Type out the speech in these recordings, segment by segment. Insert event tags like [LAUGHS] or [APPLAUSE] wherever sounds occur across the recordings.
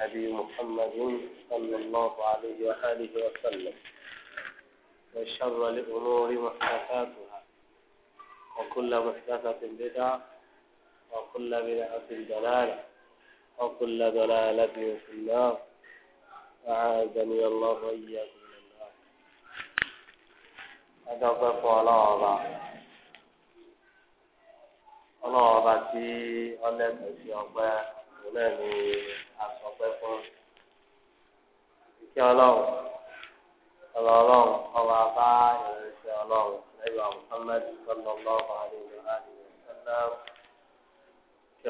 أبي محمد صلى الله عليه وآله وسلم وشر الأمور محدثاتها وكل محدثة بدعة وكل بدعة ضلالة وكل ضلالة في النار أعاذني الله وإياكم من النار هذا ضيف على الله ọlọ́wọ́ bá tí ọlẹ́sìn sí ọpẹ́ fún ìkí Ọlọ́run ọlọ Ọlọ́run ọba bá ìrìnsẹ Ọlọ́run lẹ́yìn Muhammad sallallahu alaihi wa sallam ìkí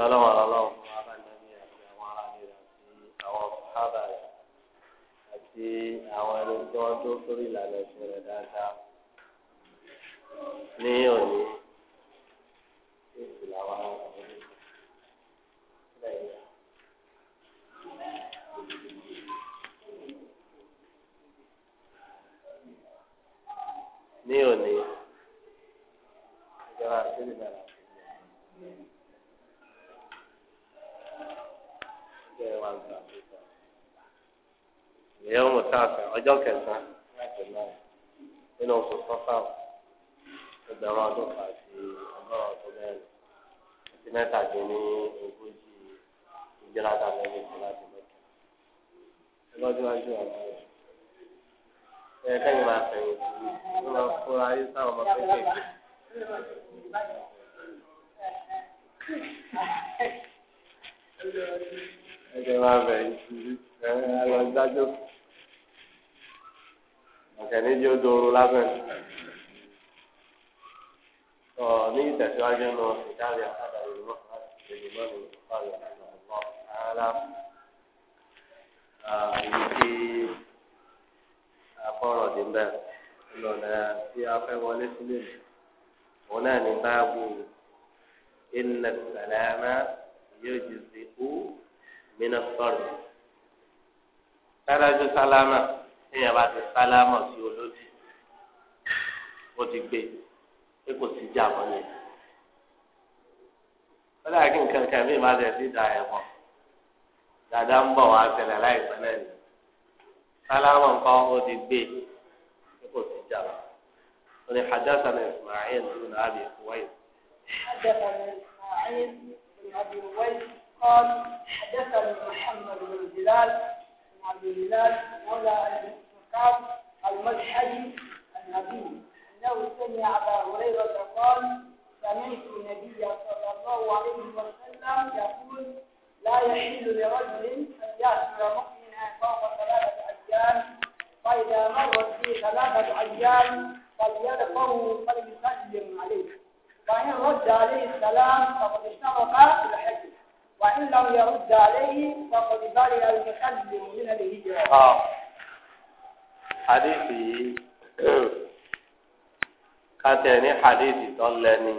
Ọlọ́run ọlọ Ọlọ́run ọba bá nẹbi àti àwọn ará mi rẹ àti àwọn sábà rẹ àti àwọn ẹni tí wọn tó sórí ìlànà ẹsẹ̀ rẹ dáadáa ní òní ìsìláwà náà. ní òní ìjọba àtúndì náà ìyẹn wọn ta àfẹ ọjọ́ kẹsàn-án láti náà nínú oṣù sọfà ẹgbẹ̀rún ọdún kan àti ọgọ́rùn ọdún mẹ́rin àti mẹ́tàdínní ogójì ìjìlá tàbí ẹgbẹ̀rún láti mẹ́ta ẹgbẹ̀rún ọdún wájú àwọn ọmọ rẹ ẹ máa fẹ̀yìn tí wọ́n máa fún ayé sáwọn ọmọ kéékèèké. ẹ jẹ́ máa fẹ̀yìn tí ẹ lọ dájọ́ ọ̀kẹ́ni jẹ́ odòrò lábẹ́ ọ ní ìtẹ̀síwájú nù ìdárí àkàdà ìlú ìlú mọ́ni ìfọ̀yọ̀ ọ̀gbọ̀n ààlà ìdí akọrọ dín bẹ́ẹ̀ lọ́nà tí a fẹ́ wọlé sílẹ̀ òun náà ní báàbù inna salama yujzi'u mina sọ̀rọ̀ kádájú sálámà téèyàn bá ti sálámà sí olódì ó ti gbé pé kò sí jà wọlé wọ́n dàgbé nǹkan kan bí ìbá tẹ̀ sí ìdá ẹ̀kọ́ dàda ń bọ̀ wá ṣẹlẹ̀ láìpẹ́ náà ni. سلام nǹkan ó ti يقول kó ti jà حدثنا اسماعيل ni ابي ismail حدثنا اسماعيل بن ابي ismail قال حدثنا محمد بن بلال بن عبد الله مولى المستقاب المشهدي النبي انه سمع ابا هريره قال سمعت النبي صلى الله عليه وسلم يقول لا يحل لرجل ان ياسر مؤمنا فوق ثلاثه الإنسان فإذا مرت به ثلاثة أيام فليدفعه فليسلم عليه فإن رد عليه السلام فقد اشترك الحج وإن لم يرد عليه فقد برئ المسلم من الهجرة. آه. حديثي kàtí ẹni hadithi tó lẹni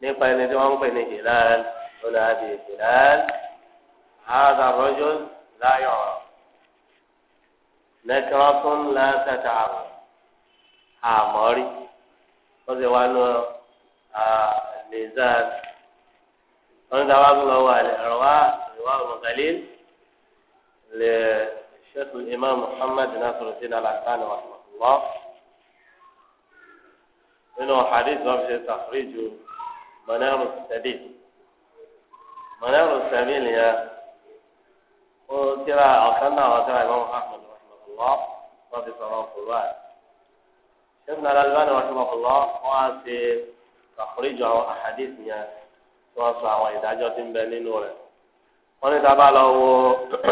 nípa ẹni tí wọn ń pè ní hilal ọlọ́àbí hilal hàdà rọ́jò láyọ̀ nẹkẹrọtún la tẹtẹ àmọ àmọ rí wọn sì wá lọ nìzan wọn dá wà lọ wà lẹrọwà lẹwà mọgàlín lẹ sheikh imam muhammad nasiruddin alasan rahmatullah nínú hadith wọn fi tàkìrìjù mọnẹrù sẹbìl mọnẹrù sẹbìl yẹn ó tíra ọ̀kan náà wọ́n tíra imam ahmed. lọ wọn fi sọ̀rọ̀ òkúrú à ṣẹ́gun náà lálẹ́ wọn sọ̀rọ̀ òkúrú lọ wọn á ṣe àforíjọ àhàdís yẹn tí wọ́n sọ àwọn ìdájọ́ tí ń bẹ nínú rẹ̀ wọ́n ní sábà lọ wo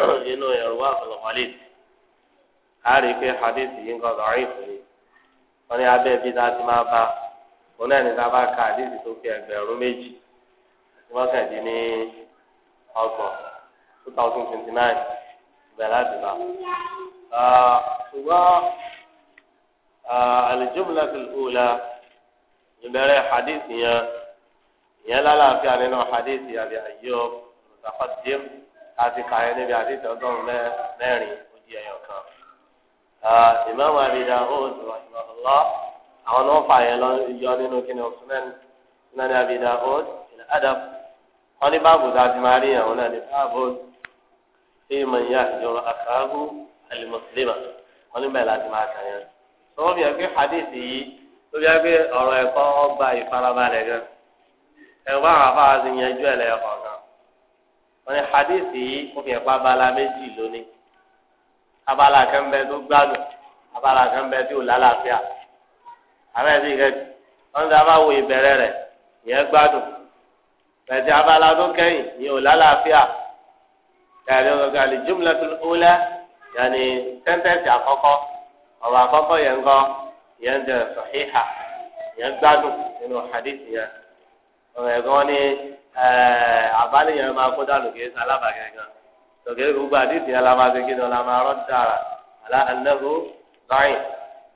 [CLEARS THROAT] inú yorùbá ọ̀sọ̀lọ̀mọ́lì á rí i pé àhàdís yìí ń kọ́ sọ̀rọ̀ ìfòyè wọ́n ní abẹ́ bí dáa ti máa bá wọn náà ní sábà ka àdísì tó fi ẹgbẹ̀rún méjì àti mọ́kàndín ní ọgbọ̀n two thousand twenty nine ìgbà láti bá ṣùgbọ́n al-jumla al-ula ìbẹ̀rẹ̀ hadith yẹn ìyẹn lálàáfíà nínú hadith Abi Ayyub mutaqaddim àti kàyẹ́ níbi hadith ọgọ́rùn-ún mẹ́rin ó di ẹyọ kan. Imam Abi Dawud rahimahullah àwọn náà fà yẹn lọ yọ nínú kíni Usman nínú Abi Dawud ilẹ̀ adab wọn ní báàbù tá a ti máa rí yẹn náà ní báàbù tí mo yà jọ àkàrà alimusilima wọn ní bẹ́ẹ̀ láti máa kàn yẹn sọwọ́n mi yàn pé hadith yìí ló bí wá pé ọ̀rọ̀ ẹ̀kọ́ ọgbà ìfarabalẹ̀ gan ẹ̀wọ́n àwọn afárá ti yanjú ẹ̀ lẹ́yọ̀kọ̀ kan wọn ní hadith yìí ó fi ẹ̀kọ́ abala méjì lónìí abala kan bẹ tó gbádùn abala kan bẹ tó lálàáfíà àwọn ẹ̀sìn kẹ́kẹ́ wọn ti abáwo ìbẹ̀rẹ̀ rẹ̀ ìyẹn gbádùn bẹ̀tẹ̀ abala tó kẹ́yìn ìyẹn ò lálàáfíà kẹ́rin yanni sẹ́ńtẹ́ǹsì àkọ́kọ́ ọ̀rọ̀ àkọ́kọ́ yẹn ńkọ́ yẹn ń dẹ̀ sọ̀híhà yẹn gbádùn nínú hadith yẹn ọ̀rọ̀ ẹ̀gbọ́n ní eh, àbálẹ̀ yẹn máa kó dànù kí ẹ̀sán alábàákẹ́ gan tòkè gbogbo hadith yẹn la máa fi kí ni ọ̀la máa rọ́ dára àlá ànágbó báyìí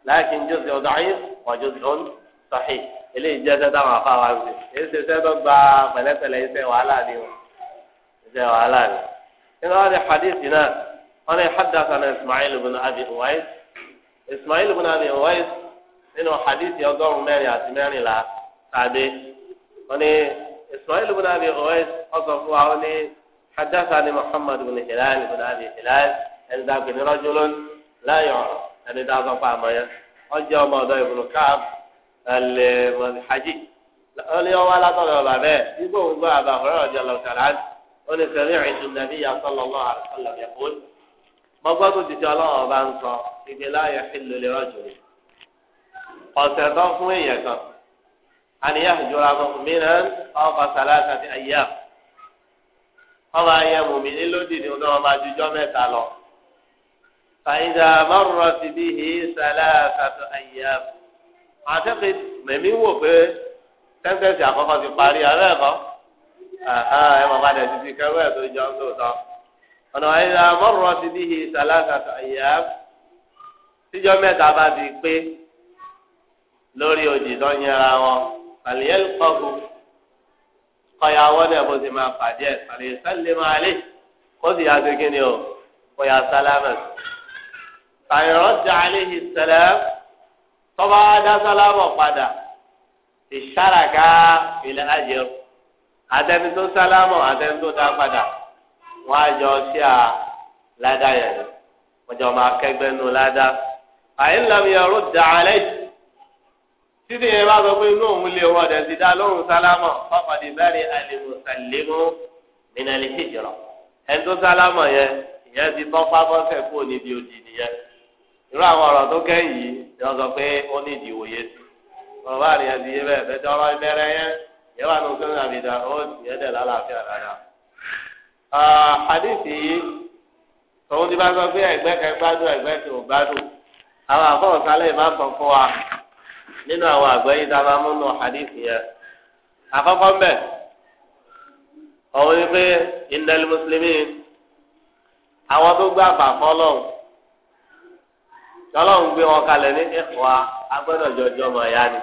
láàkì ń jòsè ọ̀dọ̀ ayé wàjòsè ọ̀n sọ̀hí eléyìí jẹ́ sẹ́tà máa fà wá sí قال حدثنا إسماعيل بن أبي أويس إسماعيل بن أبي أويس إنه حديث يقول ماري أتماني لا تابي وني إسماعيل بن أبي أويس أصف وعوني حدثني محمد بن هلال بن أبي هلال أن ذاك رجل لا يعرف أن ذاك فاما أجا موضع ابن كعب الحجي أولي ولا تضرب به يقول أبا رضي الله تعالى عنه وني سمعت النبي صلى الله عليه وسلم يقول wọ́n gbọ́ tó dìde ọlọ́run ọba ń sọ ìdè láàyè ìlú lè rọ́jò rẹ̀ ọ̀sẹ̀ tó fún èèyàn kan àníyàn ìjọra fún mi náà ọba sàlàsà ti àyà ọba ayé mùmí nílòdì ni wọn máa jujọ́ mẹ́ta lọ fàyídà márùrọ̀ ti bí hi sàlàsà ti àyà àtẹ́kẹ́ mẹ̀mí wò pé sẹ́ńtẹ́sì àkọ́kọ́ ti parí ọ̀rẹ́ ẹ̀kọ́ ẹ̀ mọ̀ padà ti ti kẹ́rù ẹ̀ tó jọ ń tó tán ọ̀nà ìlà mọ́rọ̀ ti bí ìsàlásàtà ìyá tíjọ́ mẹ́ta bá ti pé lórí òjì tó ń yẹra wọn àlìyẹ́lì kọ́kù kọ́ya wọ́n náà bó ti máa pàdé ẹ̀ àlìyẹ́ sálẹ̀ máa lé kó sì yá sí kí ni o kó yá sálámà sí. àyọ̀rọ̀ ti àléhi sẹlẹ̀ tọ́ba dá sálámà padà ìṣàràká ilẹ̀ ajẹ́ o sálámà àtẹni dá padà wọn á yọ sí à ládàá yẹn wọn jọ máa kẹgbẹ́ nù ládàá àyìn làmì ọ̀rọ̀ dà alẹ́ títí yẹn bá sọ pé inú òun lè wọ ọ̀dẹ̀ ti dá lóhùn sálámọ̀ fàfàdé bẹ́ẹ̀rẹ̀ àlèmùsàlèmù nínú ẹni tí ìjọra ẹni tó sálámọ̀ yẹn ìyẹn ti bọ́ pábọ́sẹ̀ kúrò níbi òdì nìyẹn irú àwọn ọ̀rọ̀ tó kẹ́yìn yìí ni wọ́n sọ pé ó ní ìdìwòye sí ọ̀rọ̀ bá àríyànjú yẹ bẹ́ẹ̀ bẹ́ẹ̀ tọ́rọ ìbẹ̀rẹ̀ yẹn yẹ wà nù sọ́nà àbìdá ó sì àdìsí yìí tòun ti bá sọ pé ẹgbẹ́ kan gbádùn ẹgbẹ́ kan ò gbádùn àwọn àfọwọ́sálẹ̀ fún wa nínú àwọn tá a múnú àdìsí ni pé mùsùlùmí àwọn tó tọ́lọ́hún gbé wọn kalẹ̀ ní jọjọ́ ya ni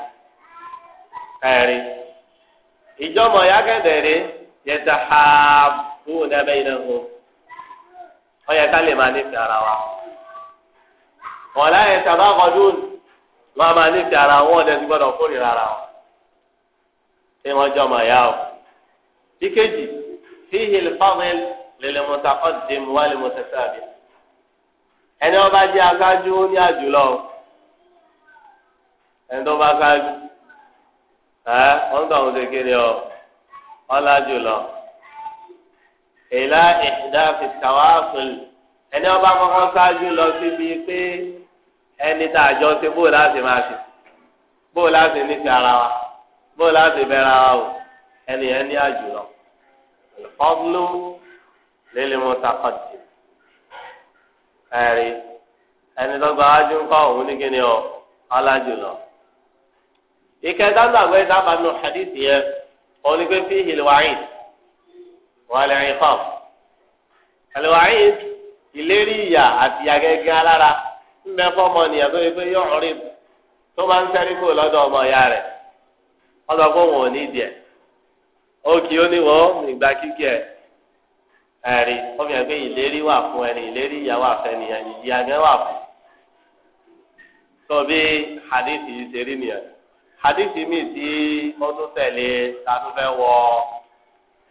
ẹ̀rí ìjọ́mọ̀ wíwò dábẹ́ iná kó ọyẹ ká lè máa nífẹ̀ẹ́ ara wa wọn láyé sábà kọdún wọn máa nífẹ̀ẹ́ ara wọn ọdẹ ti gbọdọ̀ kórìíra ara wọn ṣé wọn jọ mọ̀ ya o ìkejì fíhì fáwọn lèlèmọ̀tàkọ́ dèmú wà lèmọ̀tàkọ́ àbí ẹni wọn bá jẹ aṣáájú ní àjùlọ ẹni tó bá ṣáájú ẹ wọn tó àwọn ṣe kéde ọ ọlá jùlọ ìlà ìdáfi tàwáfìl ẹni ọba kọ́kọ́ ṣáájú lọ síbi pé ẹni tá a jọ ṣe bó láti máa ṣe bó láti nífẹ̀ẹ́ ara wa bó láti bẹ̀rẹ̀ ara o ẹni yẹn ní àjùlọ ìfọ́nlú lílì mú takọ̀tì ẹ̀rí ẹni tó gba ájú ńkọ́ òun ní kíni ọ ọlájùlọ. ìkẹta gbàgbé dábàá nù hadith yẹn òun ni pé fi ìlú wáyé. wàhálà ìkọ́ ìlérí ìyà àti ìyà gẹ́gẹ́ alára ń bẹ fọmọ nìyà tó yẹ pé yọ ọ̀rìn tó bá ń sẹ́rí kó lọ́dọ̀ ọmọ ìyá rẹ̀ wọ́n sọ wọn ò ní ó kì í ó ní wọ́n ìgbà kíkẹ́ ẹ̀ ẹ̀rí wọ́n fi hàn pé ìlérí wà fún ẹni ìlérí wà wà fún. sọ bí hadith yìí ta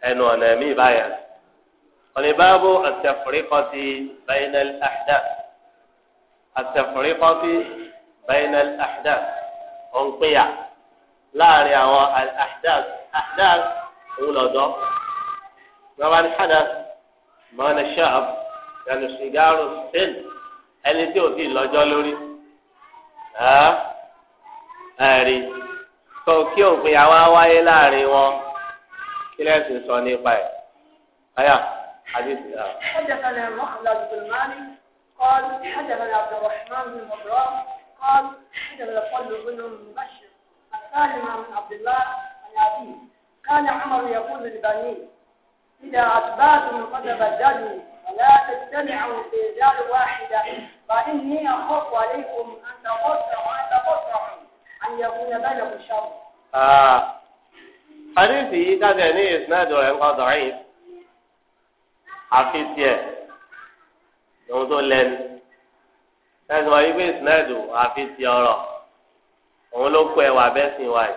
ẹnu ọ̀nà mi báyà ọ̀nà ìbáàbò àtẹ̀fọ̀ríkọ́tì bainal ahdath àtẹ̀fọ̀ríkọ́tì bainal ahdath ọ̀npẹ̀yà láàrin àwọn ahdath ahdath ńlọdọ́ gbọ́dọ̀ ní hadath mọ́nà ṣáàb yàtọ̀ sìgáàrù sẹ́n ẹni tí ò tí ì lọ́jọ́ lórí ẹ̀rí tó kí òpin àwọn wáyé láàrin wọn. kí lẹ́yìn sì ń sọ nípa ẹ̀. حديث ah. حدثنا مخلد بن مالك قال حدثنا عبد الرحمن بن مروان قال حدثنا قلب بن مبشر السالم عن عبد الله عن كان عمر يقول لبنيه إذا أتبعتم قد بدلوا لا تجتمعوا في دار واحدة فإني أخاف عليكم أن تقطعوا أن تقطعوا أن يكون بينكم شر. آه àdéhùn yìí kájẹ ní ìsinádùn rẹ̀ ńkọ́ dọ̀rin àfi tiẹ̀ lòun tó lẹ́nu ẹ̀sìn wáyé pé ìsinádùn àfi tiẹ̀ ọ̀rọ̀ òun ló kó ẹwà bẹ́sìn wáyé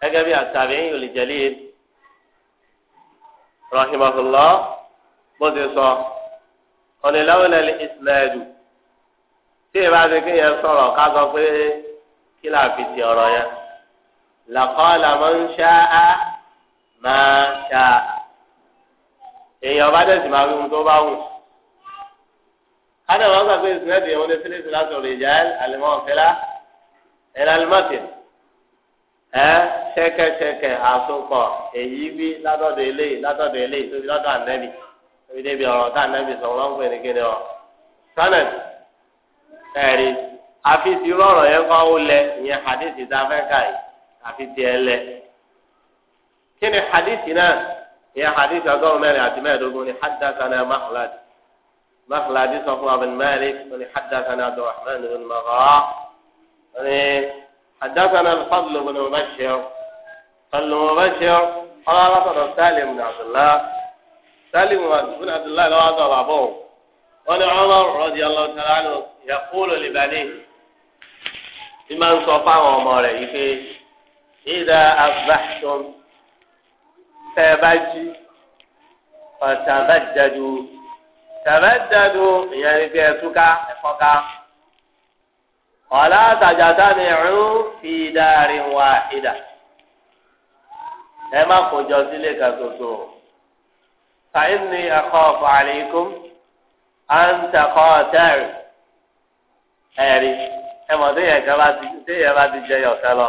gẹ́gẹ́ bí àtàbíyìn olùjẹ́lé rahimahullah bó ti sọ ọ̀nìláwọ̀lẹ̀ ìsinádùn tí ìbá ti kéèyàn sọ̀rọ̀ ká sọ pé kí láàfin ti ọ̀rọ̀ yẹn làkọ́lá máa ń ṣá á máa ṣá èèyàn bá dẹ̀sí máa wí ohun tó bá wù. kádà wọn gbàgbé ìsìnẹ́dì ìhun ní sílẹ̀ ìsìnlá sọ̀rọ̀ ìjà àlùmọ́ ọ̀fẹ́lá ẹ̀rọ alimọ́tì ẹ̀ ṣẹ́kẹ́ṣẹkẹ̀ àsopọ̀ èyí bí látọ̀dọ̀ eléyìí látọ̀dọ̀ eléyìí tóbi látọ̀ ànẹ́bì tóbi débi ọ̀rọ̀ tá ànẹ́bì sọ̀rọ̀ lọ́nkùn ẹ̀rẹ́gẹ́dẹ́ ọ̀ sọ́nẹ̀tì ẹ̀rí àfi ti rọrọ̀ yẹn kọ́ ó lẹ ìyẹn hadith ìdáfẹ́ káyìí àfi tiẹ̀ lẹ̀ kí ni hadithi náà ìyá hadithi ọgọ́rùn mẹ́rin àti mẹ́ẹ̀ẹ́dógún ni haddathana makhlad makhlad sọ fún abin malik wọn ni haddathana abdulrahman ibn maghra wọn ni haddathana al-fadl ibn mubashir fadl mubashir wọn wá lọ́sọ̀rọ̀ salim ibn abdullah salim ibn abdullah lọ́wọ́ sọ bàbá o wọn ni umar radiyallahu ta'ala anhu yaqulu li banihi bí máa ń fáwọn ọmọ rẹ̀ yìí pé ìdá àbáṣọm tẹ́ ẹ bá jí ọ̀tàbájáde tàbájáde ìyẹn ni bí ẹ túká ẹ fọ́ká ọ̀la àtàjàdá ni ìrún fi dárin wá ìdá ẹ má kó jọ sílé kan ṣoṣo fàìní àkọ́ọ̀fọ̀ àlẹ́kùn à ń takọ́ ọ̀tẹ́rì ẹ̀rí ẹ mọ̀ tó yẹ kí ẹ bá ti jẹ́ yọ̀ọ̀tẹ́ lọ.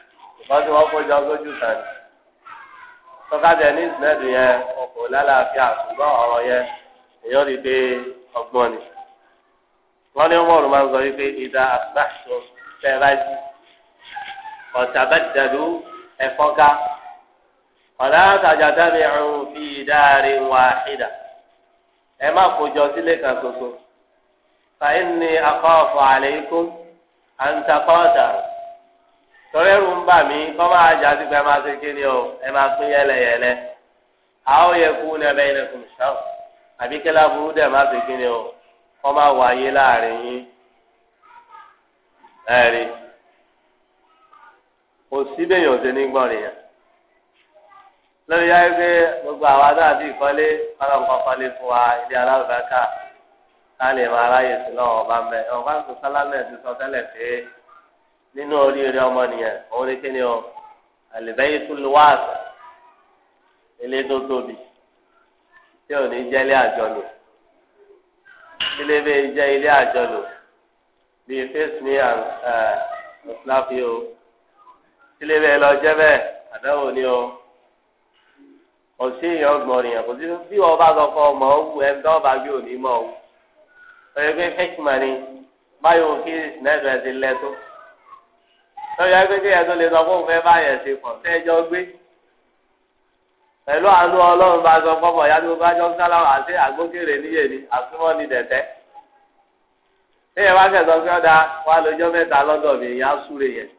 wọ́n ti wọ́n kọjá ogójú yẹn ọkọ̀ lálàáfíà ṣùgbọ́n ọ̀rọ̀ yẹn èèyàn rí pé ọgbọ́n ni. wọ́n ní ọmọ máa ń sọ wípé ìdá àbáṣọ fẹ́ẹ́rájì ọ̀tà bẹ́tẹ̀lú ẹ̀fọ́ká ọ̀dà àtàjàdá fi wà ìdá ẹ má sílé kan tọ́lẹ́ rù ń bà mí kọ́ máa jà sí pé ẹ máa ṣe kíni o ẹ máa pín yẹlẹyẹlẹ àwọn yẹ kú ní ẹbẹ yẹn kùn ṣáà àbí kẹlẹ́ aburú dẹ̀ máa ṣe kíni o kọ́ máa wáyé láàrin yín ẹ̀rí kò sí bẹ́yìn ọ̀sẹ̀ ní gbọ́n nìyẹn lórí yá pé gbogbo àwa náà ti kọ́lé ọlọ́nkọ́ kọ́lé fún wa ilé alábàáká ká lè máa ráyè sí lọ́wọ́ ọba mẹ́ ọba ń sọ sálámẹ̀ ti sọ tẹ́lẹ̀ pé nínú oríire ọmọnìyàn òun ni kíni o àlìbẹ́yì tún lè wá àṣà ilé tó tóbi tí ò ní jẹ́ ilé àjọlò ilé bẹ́ẹ̀ jẹ́ ilé àjọlò bíi face me and uh, slap you ilé bẹ́ẹ̀ lọ jẹ́ bẹ́ẹ̀ àdáwò ni o kò sí èèyàn ọgbọ̀n èèyàn kò sí bí wọ́n bá sọ fún ọmọ òwú ẹ̀ ń dán bí òní mọ̀ ọ́ ẹ̀ pé fẹ́kìmọ̀ ni báyọ̀ kí nẹ́ẹ̀dẹ̀ẹ́sì lẹ́tọ́. lọ́yọ̀ ẹgbẹ́jẹ́ yẹn tó lè sọ fún òun bá yẹn ṣe pọ̀ gbé pẹ̀lú àánú ọlọ́run bá sọ pọ́pọ̀ yá bá jọ ń àti níyè ni àsúmọ́ ni dẹ̀tẹ́ tẹ́yẹ̀ bá kẹsàn fún ọ̀dà wà lójọ́ mẹ́ta lọ́dọ̀ mi ìyá súre yẹn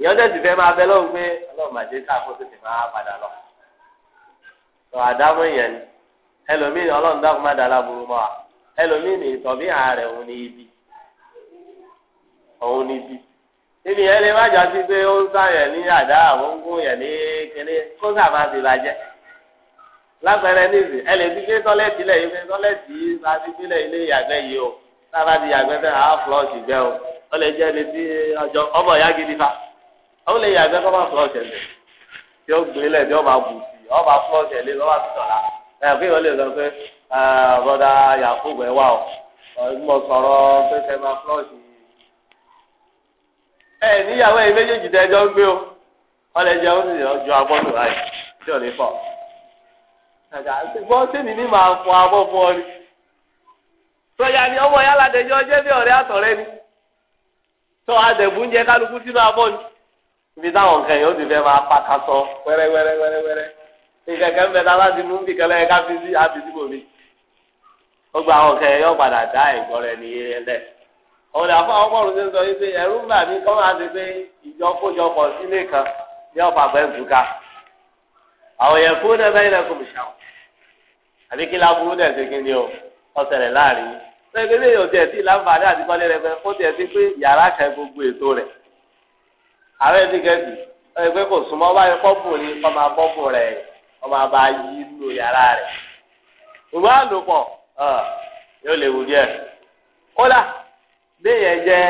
ìyọ́n tẹ̀sí fẹ́ máa bẹ lọ́hùn pé ọlọ́run màjẹ́ káàkó tètè máa padà lọ àdámọ́ ni ẹlòmíì ọlọ́run dákun má dàlá burú mọ́ wa ẹlòmíì níbi yẹn lè má jà sí pé ó ń sáyẹn ní àdá àwọn ń gún yẹn ní kíní kó sàmà sí bàjẹ́ lápẹẹrẹ níbi ẹ lè fi gbé tọ́lẹ́tì lẹ̀ yìí fi tọ́lẹ́tì yìí bá fi gbélé ilé ìyàgbẹ́ yìí o sábà di ìyàgbẹ́ fẹ́ àá flọ́ọ̀sì gbẹ́ o ó lè jẹ́ ẹni tí ọjọ́ ọmọ ìyá gidi fa ó lè yàgbẹ́ kọ́ bá flọ́ọ̀sì ẹ̀ tí ó gbélé tí ó máa bù sí ọ máa flọ́ọ̀sì ẹ̀ lé lọ́wọ́ ẹ níyàwó yìí méjèèjì tẹ gbé o ọlẹ ó sì jọ abọ́ tó láì tí ò ní fọ. ṣùgbọ́n sẹ́ni ní màá fọ abọ́ fún ọ ni. sọ̀yà ni ọmọ yàrá àdéjọ́ jẹ́ bí ọ̀rẹ́ àtọ̀rẹ́ ni. tó àdẹ̀bù ń jẹ kálukú sínú abọ́ ni. ibi táwọn nǹkan ó fẹ́ máa wẹ́rẹ́wẹ́rẹ́wẹ́rẹ́. ìkẹ̀kẹ́ ń bẹ tá a bá ti mú bí kẹlẹ́ ká fi sí bòmí. ọ̀rẹ́ àfọ àwọn ọmọ òrùn sọ wípé ẹ̀rú gbà mí kọ́ máa ti pé ìjọkójọpọ̀ sílé kan ní ọ̀pọ̀ àgbẹ̀ ìdúgà àwọn yẹn kúrú náà bẹ́ẹ̀ lẹ́kùn ìṣàwọ̀ àbí kí láburú náà ṣe kí ni o ọ̀sẹ̀rẹ̀ láàrin lẹ́gbẹ́ lè yóò tiẹ̀ sí láǹfààní àti kọ́lé rẹ pé ó tiẹ̀ sí pé yàrá kan gbogbo ètò rẹ̀ ààrẹ ti gẹ̀ẹ́sì ó pé kò súnmọ́ báyìí pọ́pù ni kọ́ máa pọ́pù rẹ̀ kọ́ máa bá yí inú yàrá rẹ̀ òun á yóò lè wù díẹ̀ kódà léyìn jẹ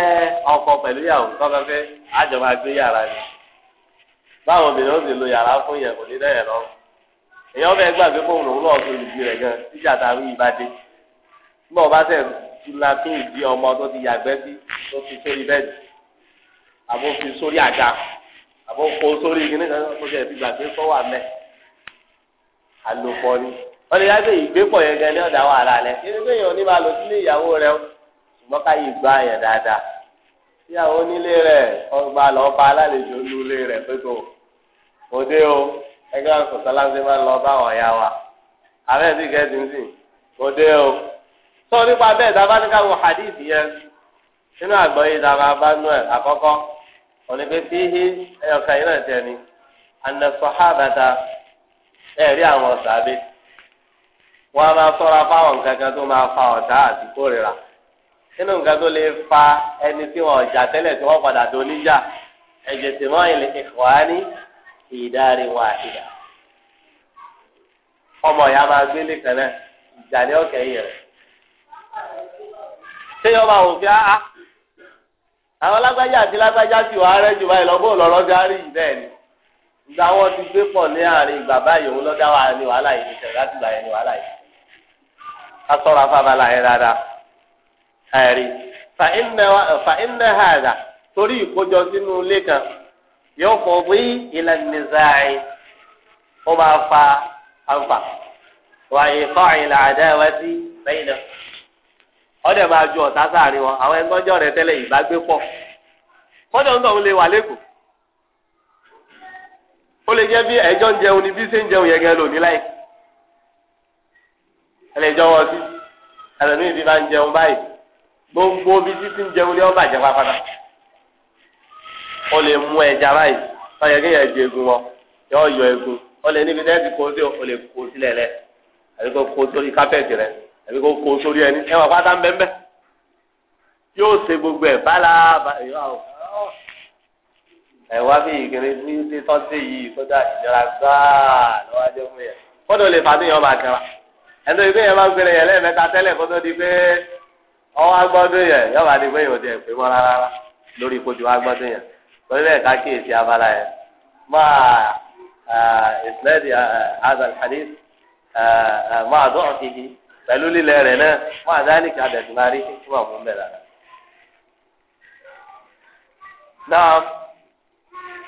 ọkọ pẹ̀lú yàwó tọkọ pé àjọba gbé yàrá ni báwo obìnrin ó sì lo yàrá fún yẹn kò ní lẹ́yìn lọ èèyàn bẹ gbàgbé fóun lòun náà rẹ gan tíjà ìbàdí tẹ tula tó ìdí ọmọ tó ti sí tó sórí àbó fi sórí àga àbó kó sórí igi nígbà tó ni lè yá pé yẹn gan ni pé èèyàn ní lọ ṣùgbọ́n ká yìí gbá yẹn dáadáa tíyàwó onílé rẹ̀ ọgbà lọ́ba alálejò lulé rẹ̀ pẹ́tọ́ òde o ẹgbẹ́ àwọn sọ̀tàlá ṣe máa ń lọ bá àwọn ọ̀yá wa àbẹ́ẹ̀ sì kẹ́ ti ń sìn òde o sọ nípa bẹ́ẹ̀ tá a bá ní ká hadith yẹn nínú àgbọ̀yé tá a máa bá nú ẹ̀ àkọ́kọ́ òní pé fíhí ẹ̀yọ̀kan yìí náà tẹ̀ ni anasọ̀hábàtà ẹ̀rí àwọn ọ̀sàbẹ̀ wọn a máa sọ́ra fáwọn nǹkan kan tó máa fa ọ̀tá àti kórìíra. nínú nǹkan tó lè fa ẹni tí wọn ọjà tẹ́lẹ̀ tí wọ́n padà tó níjà ẹ̀jẹ̀ tí wọ́n ilẹ̀ ní ìdárí wa ọmọ ìyá máa gbé kan náà ìjà ní ọ̀kẹ́ yìí rẹ̀. ṣé yọba ò a àwọn lágbájá àti lágbájá ti á rẹ́ jù báyìí lọ́gbọ́n lọ́rọ́ yìí bẹ́ẹ̀ ni ìgbà wọn ti gbé pọ̀ ní àárín ìgbà báyìí òun ẹ̀rí fàìnà hàdà torí ìkójọ sínú ilé kan yóò fọ bí ìlànà zàì ó máa fa àǹfà wà ìfọ̀ ìlànà àdáwàtì bẹ́ẹ̀ náà ọdẹ máa ju ọ̀tá sáàrin wọn àwọn ẹgbọ́njọ́ rẹ tẹ́lẹ̀ ìbágbé pọ̀ kọ́dọ̀ ń tọ̀hún lè wà lẹ́kọ̀ọ́ ó lè jẹ́ bí ẹjọ́ ń jẹun ni bí ń jẹun yẹn gan láì sí ẹlẹ́mìí ń jẹun gbogbo bí títí ń jẹun ní ọba jẹ pápátá o lè mú ẹja báyìí báyìí kéèyàn ju egun wọn yọ yọ egun o lè níbi tẹ́ẹ̀tì kó sí o lè kó sílẹ̀ rẹ àbí kó kó sórí kápẹ́ẹ̀tì rẹ àbí kó kó sórí ẹni ẹwà pátá ń bẹ́ẹ̀ yóò ṣe gbogbo ẹ̀ bálá ẹ̀wá bí ìkiri ní ti tọ́sí yìí kódà ìjọra gbáà lọ́wọ́ ajé fún yẹn kódà o lè fàtúnyàn ọba kẹwàá ẹni tó yẹ kó yẹn bá gbére yẹn lẹ́ẹ̀mẹ́ta tẹ́lẹ̀ kó tó di pé ọwọ́ agbọ́dún yẹn yọba ni bẹ́ẹ̀ yóò di ẹ̀pẹ́ mọ́ rárá lórí ìkojú agbọ́dún yẹn lórí ẹ̀ ká kíyèsí abala yẹn máa eh, eh, ìsìlẹ́dì azal hadith eh, máa dọ́ọ̀ kìkì pẹ̀lú lílẹ̀ rẹ̀ náà máa dání kí adẹ̀sùn máa rí kí wọ́n mú bẹ̀rẹ̀ rẹ̀. náà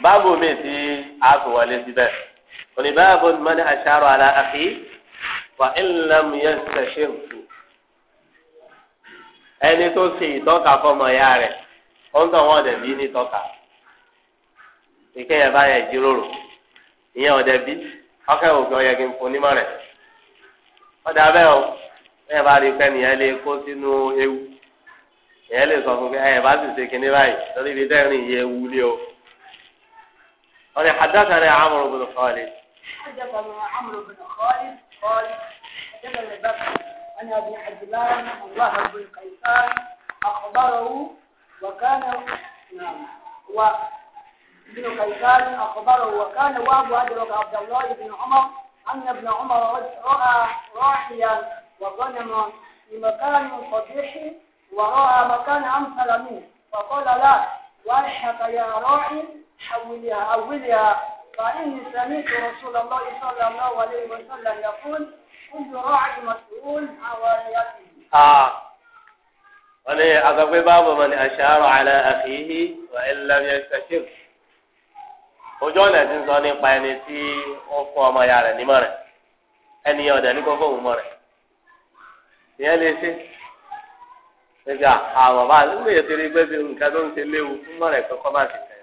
báàbù mi ti àfọwọlé síbẹ̀ òní báàbù mọ́ni àṣàrò àlà àfi wà ìlànà yẹn ṣẹ̀ṣẹ̀ fún ẹni tó ṣe ìtọ́ka fọmọ ya rẹ̀ ó ń tọ̀ wọ́n ọ̀dẹ̀ bí ní tọ́ka ìkẹyẹ báyẹn ìjíròrò ìyẹn ọ̀dẹ̀ bí ọkẹ́ òkè ọ̀yẹ́ kí n fún onímọ̀ rẹ̀ ọ̀dà bẹ́ẹ̀ o ẹ̀yẹ bá rí pẹ́ni ẹ̀ lè kó sínú ewu ẹ̀yẹ lè sọ fún pé ẹ̀yẹ bá sì ṣe kinní báyìí lórí ibi dẹ́rìn yẹ ewu lé o. ọ̀dẹ̀ حدثنا عمرو بن خالد. حدثنا عمرو بن خالد قال حدثنا أن ابي عجلان الله بن قيسان اخبره وكان نعم و ابن قيسان اخبره وكان وابو ادرك عبد الله بن عمر ان ابن عمر راى راحيا وغنما في مكان قبيح وراى مكان امثل منه فقال لا والحق يا راعي حولها اولها فاني سمعت رسول الله صلى الله عليه وسلم يقول منذ راعي مسؤول حواليته آه ولي أقبل باب من أشار على أخيه وإن لم يستشر ojú ọ̀nà tí ń sọ nípa ẹni tí ó fún ọmọ ya rẹ̀ nímọ̀ rẹ̀ ẹni ọ̀dẹ̀ ní kókó òun mọ̀ rẹ̀ ìyẹn lè ṣe ṣèṣe àwọn bá nígbà yẹn ti rí bí nǹkan tó ń ṣe léwu fún mọ̀ rẹ̀ kọ́kọ́ bá ti tẹ̀.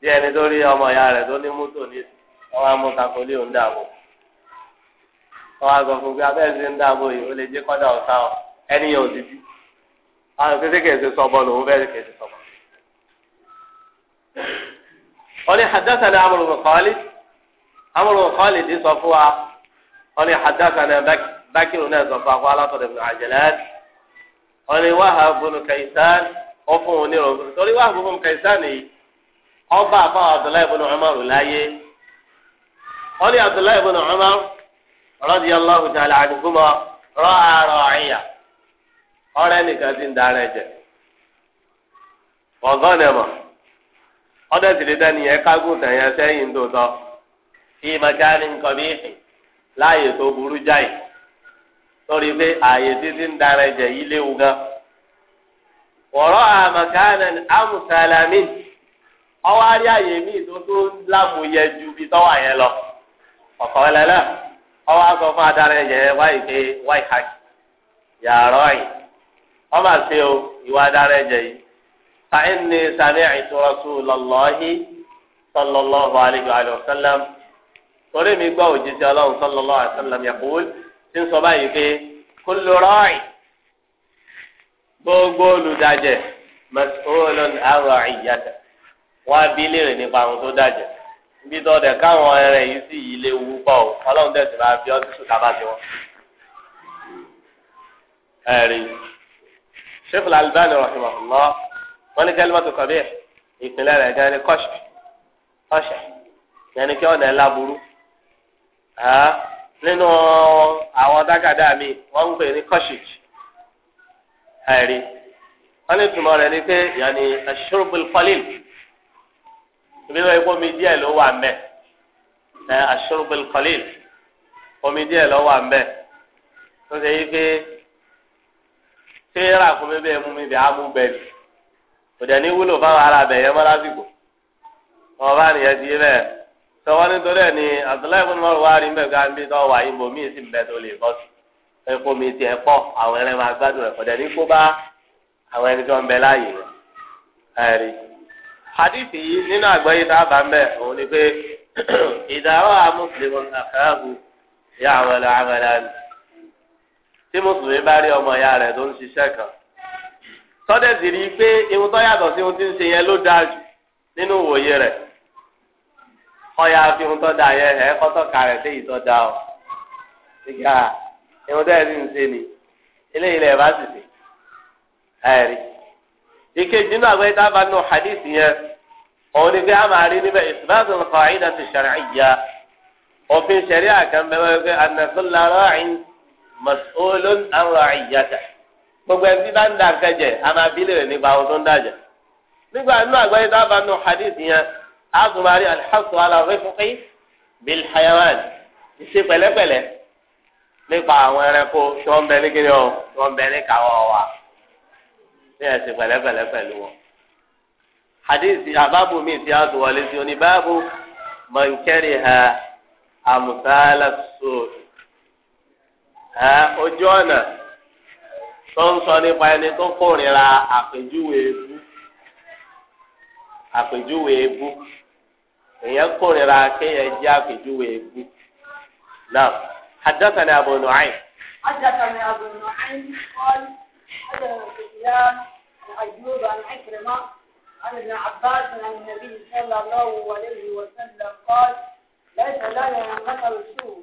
bí ẹni tó rí ọmọ ya rẹ̀ tó ní mọ́tò ní ìsìn wọn wá mú kakoli òun dààbò wọn wá fún pé abẹ́rẹ́ ṣe dààbò yìí ó lè jẹ́ kọ́dà ọ̀sá ọ ẹni yẹn ò ti bí sọ bọ́ọ̀lù òun fẹ́ẹ́ sọ bọ́ọ̀lù. wọ́n ní hadassana amúlù mùkọ́lì amúlù mùkọ́lì sọ fún wa bákìrù náà sọ fún wàhálà bùnú abdullahi wọ́n ní abdullahi ibn umar radiyallahu ta'ala anhuma rọ́ àárọ̀ àyà ọ̀rẹ́ nìkan ti ń darẹ̀ jẹ ọ̀gọ́n ẹ̀mọ̀ ọ̀dẹ̀ tìlẹ̀ dání yẹn kágùn tẹ̀yẹ sẹ́yìn tó tọ́ torí pé ààyè títí ń jẹ àmàkánà ọwọ́ ọ̀kọ́ ẹlẹ́lẹ́ ọwọ́ aṣọ fún adarí ẹ̀jẹ̀ wáyé pé wáyé hàkì yàrá yìí wọ́n máa ṣe o ìwà adarí ẹ̀jẹ̀ yìí fàáyín ní sàmì àìsàn Rasulullahi sallallahu alayhi wa sallam torí mi gbọ́ òjíṣẹ́ ọlọ́run sallallahu alayhi wa sallam yaqul tí ń sọ báyìí pé kullu gbogbo olùdájẹ mas'ulun an ra'iyyatihi wọ́n á nípa àwọn tó dájẹ́ ibi tó dẹ̀ káwọn ẹrẹ̀ yìí sì yìí lé wu pọ̀ o ọlọ́run dẹ̀ sì máa fi ọtí sùn tábà sí wọn. ẹ̀rí Sheikh Al-Albani rahimahullah wọ́n ní kẹ́lí mọ́tò kọ́bí ẹ̀ ìpínlẹ̀ gan ni kọ́ṣẹ̀ kọ́ṣẹ̀ yẹnni kí ọ̀nà ẹ̀ láburú nínú àwọn dákàdá mi wọ́n ń pè ní kọ́ṣẹ̀jì ẹ̀rí wọ́n ní ìtumọ̀ rẹ̀ ni pé yẹnni ashurubul qalil ibi lọ ikú omi díẹ̀ ló wà mbẹ ẹ asọrọbẹlẹ kọlíl omi díẹ̀ ló wà mbẹ tó ṣe yí pé téèrà fún mi bẹ́ẹ̀ mú mi bẹ́ẹ̀ á mú bẹ́ẹ̀ bì òdẹ ní wúlò fáwọn ará bẹ̀ yẹn mọ́ lásìkò wọn bá nìyẹn ti bẹ́ẹ̀ sọwọ́n nítorí ẹ̀ ní abdullahi fún mi wá rí mbẹ́ gbá tó wà yín bò mí sì mbẹ́ tó lè bọ́ sí omi tiẹ̀ pọ̀ àwọn ẹ̀rẹ́ máa gbádùn ní kó bá àwọn ẹni tó ń bẹ láàyè ẹ̀rí hadith yìí nínú àgbáyé tá a bá ń bẹ̀ òun ni pé ìdáwọ́ a mùsùlùmí àkàràgù yà àwẹ̀lẹ̀ àwẹ̀lẹ̀ àmì tí mùsùlùmí bá rí ọmọ ìyá rẹ̀ tó ń ṣiṣẹ́ kan sọ́dẹ̀ sì rí i pé ihun tó yàtọ̀ sí ohun tí ń ṣe yẹn ló dáa jù nínú ìwòye rẹ̀ ọ̀yà fi ohun tó dáa yẹn ẹ̀ kọ́tọ̀ ka rẹ̀ sí ìtọ́ dáa o ìgbà ihun tó yẹ sí ń ṣe ni eléyìí lẹ̀ bá sì ṣe ẹ̀rí ìkejì nínú àgbáyé òun ni pé a máa rí níbẹ̀ ìsìláàtò kọ̀ọ̀ìdà ti ṣàrìyà òfin ṣẹ̀rí àkànbẹ̀wẹ̀ pé ànàkúnlá rọ́ọ̀ìn mọ̀sọ́lọ́n àwọn àìyàtà gbogbo ẹni tí bá ń da nǹkan jẹ a máa bí lèrè nípa ohun tó ń dàjẹ. nígbà inú àgbáyé tó a bá nu hadith yẹn a tún máa rí alḥasu alárẹ́fọ́kì bil hayawan ìṣe pẹ̀lẹ́pẹ̀lẹ́ nípa àwọn ẹranko ṣọ́nbẹ ní kíni o ṣọ́nbẹ ní káwọ́ wa ní ẹ̀sìn pẹ̀lẹ́pẹ̀lẹ́ pẹ̀lú wọn hadithi ababu mi fi aadu wale ti oni baabu man kariha amusala so ha ojú ọ̀nà tó ń sọ nípa ẹni tó kórìíra àpèjúwe ebú àpèjúwe ebú èèyàn kórìíra kéèyàn jẹ́ àpèjúwe ebú náà حدثنا أبو نعيم حدثنا أبو نعيم قال حدثنا سفيان عن أيوب عن عكرمة عن ابن عباس عن النبي صلى الله عليه وسلم قال ليس لنا مثل السوء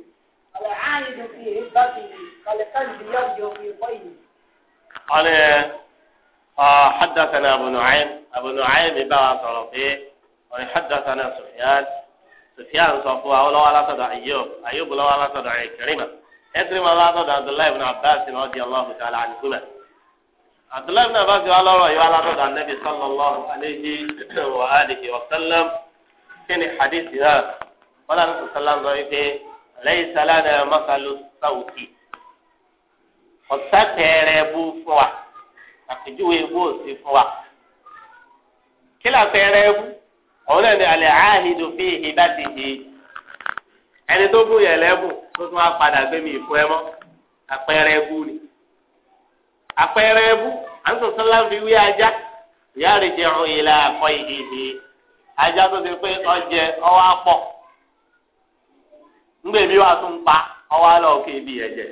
عائد في هبته كالقلب يرجو في طيه قال حدثنا ابو نعيم ابو نعيم بقى صرفي حدثنا سفيان سفيان صفوا ولو على صدع ايوب ايوب لو على صدع كريمه ادري ما على صدع عبد الله بن عباس رضي الله تعالى عنهما abdullahi bin abbas wa lọ́rọ̀ yìí wà látọ̀dọ̀ anabi sallallahu alayhi wa alihi wa sallam kíni hadith náà wọn lànà sọ sallam sọ wípé lẹ́yìn sálàdà masalu sawuti ọ̀sá tẹ̀rẹ̀ bú fún wa àpèjúwe bú òsì fún wa kílà tẹ̀rẹ̀ bú òun náà ni alẹ́ àhìdù fi ìhìbá ti hì ẹni tó bú yẹn lẹ́bù tó tún wá padà gbé mi ìfún ẹ mọ́ àpẹẹrẹ bú ni. akpɛrɛ ẹbú àǹtọ̀ sọ́lá fi wí ajá ìyá rẹ̀ jẹ́ ọ̀hún ìlà àkọ́ ìhìhì ajá tó ti pé ọjẹ ọwọ́ apọ̀ wa tún pa ọwọ́ ibi ẹ̀jẹ̀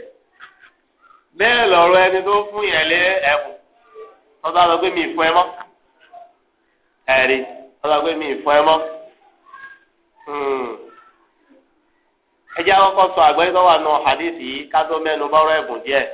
bẹ́ẹ̀ lọ̀rọ̀ ẹni tó fún yẹn lé ẹ̀kún pé mi ì fún ẹ mọ́ pé mi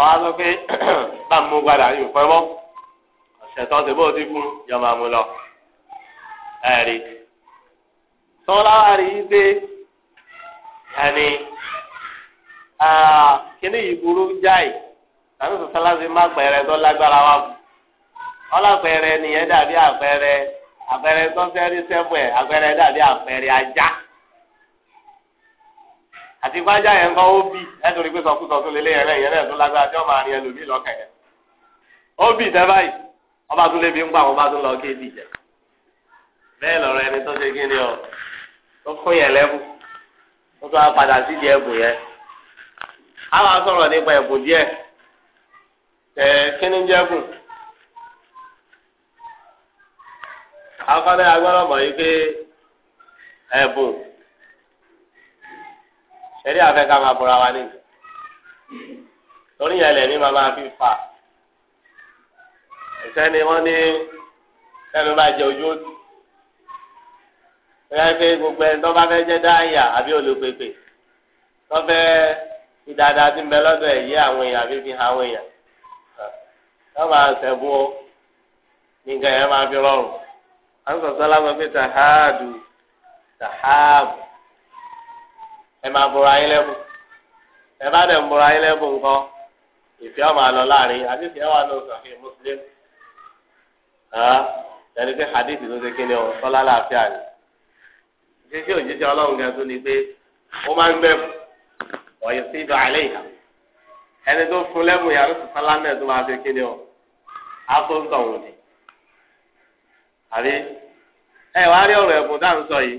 ọ̀hà [CLEARS THROAT] sọ bá mú padà yóò fẹ́ mọ́ ọ̀sẹ̀ tó ṣe bó fún yọmọ àmú lọ ẹ̀rí sọláwá rí i pé ẹni kíní yìí burú jáì tàbí sọsọlá ti má pẹ̀rẹ̀ tó lágbára wá fún ọlọ́pẹ̀rẹ̀ nìyẹn dàbí tó fẹ́ rí sẹ́fù ẹ̀ dàbí ajá. àti gbájà yẹn kọ́ ó bì ẹ̀dùnrí pé sọkúsọ tó lélẹ̀ yẹn yẹn tó lágbára tí ọmọ àárín ẹlòmíì lọ́kàn yẹn ó bì tẹ́ báyìí ọba tó lébi ń ọ tó tó tó sídìí yẹn nípa kí ni ṣẹ̀rí àfẹ́ ká máa bọ̀ra wa ní ìgbà torí yẹn lẹ̀ ní máa máa fi fà ìṣẹ́ni wọ́n ní kẹ́mi bá jẹ ojú òtù ìyá pé gbogbo ẹni tó bá fẹ́ jẹ́ dáhìá àbí olùpèpè tó fẹ́ fi dáadáa ti ń bẹ lọ́dọ̀ ẹ̀ yí àwọn èèyàn àbí fi hàn àwọn èèyàn tó máa sẹ̀bùn o nìkan yẹn máa fi rọrùn àwọn sọ̀tọ́ lágbàgbé tàhádù tàhábù. ẹ máa bora yín lẹ́bùn bá dẹ̀ ń bora yín lẹ́bùn nǹkan ìfẹ́ ọmọ àlọ́ láàrin àdìsí ẹ wà lóṣù àfihàn mùsùlùmí ẹni pé ló ṣe ọ tọ́lá láàfíà ni ṣíṣe òjíṣẹ́ ọlọ́run gan tó ni pé ó máa ń gbẹ̀bù ọ̀yẹ̀ sí ibà àlẹ́ ìhà ẹni tó fún lẹ́bùn yàrá náà tó máa ọ àtúntọ̀ wò ni àbí ẹ wá rí ọ̀rọ̀ ẹ̀bùn dáhùn sọ yìí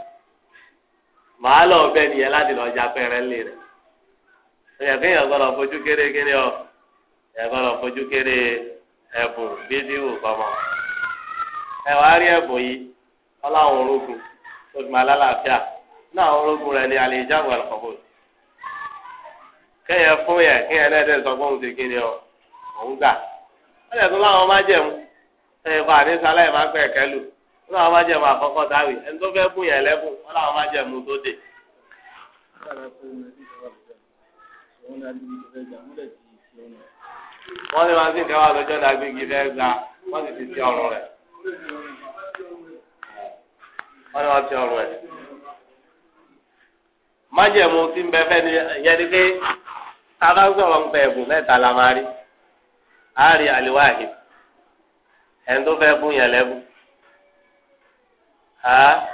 màá lọ bẹ́ẹ̀ nìyẹn láti lọ ja pẹ́rẹ́ lé rẹ̀ ẹ̀yà kí èèyàn gbọ́dọ̀ fojú kéré kéré ọ èèyàn gbọ́dọ̀ fojú kéré ẹ̀bùn bíi ti wù kọ́mọ. ẹ wàá rí ẹ̀bùn yìí ọláwọn ológun tó fi máa lálàáfíà náà àwọn ológun rẹ ni àlè ìjáàbọ̀ àlùkọ́bọ̀ kéèyàn fún yẹn kéèyàn náà dẹ̀ sọ fóun ti kí ni ọ òun gbà wọ́n lè láwọn má jẹun ṣe é kọ́ àdéṣe aláìmágbẹ̀kẹ́lù ní àwọn májẹ̀mú àkọ́kọ́ táwì ẹni tó fẹ́ bùn yẹn lẹ́bùn wọn làwọn májẹ̀mú tó dé. wọ́n ní wọ́n ti kẹwàá lọ́jọ́ náà gbégi fẹ́ gba wọ́n sì ti ti ọrùn rẹ̀ wọ́n ní wọ́n ti ọrùn rẹ̀. májẹ̀mú ti ń bẹ fẹ́ ni yẹn ni pé tábà sọ̀rọ̀ ń bẹ ẹ̀bùn mẹ́ta la máa rí a rí ẹni tó fẹ́ bùn yẹn lẹ́bùn ha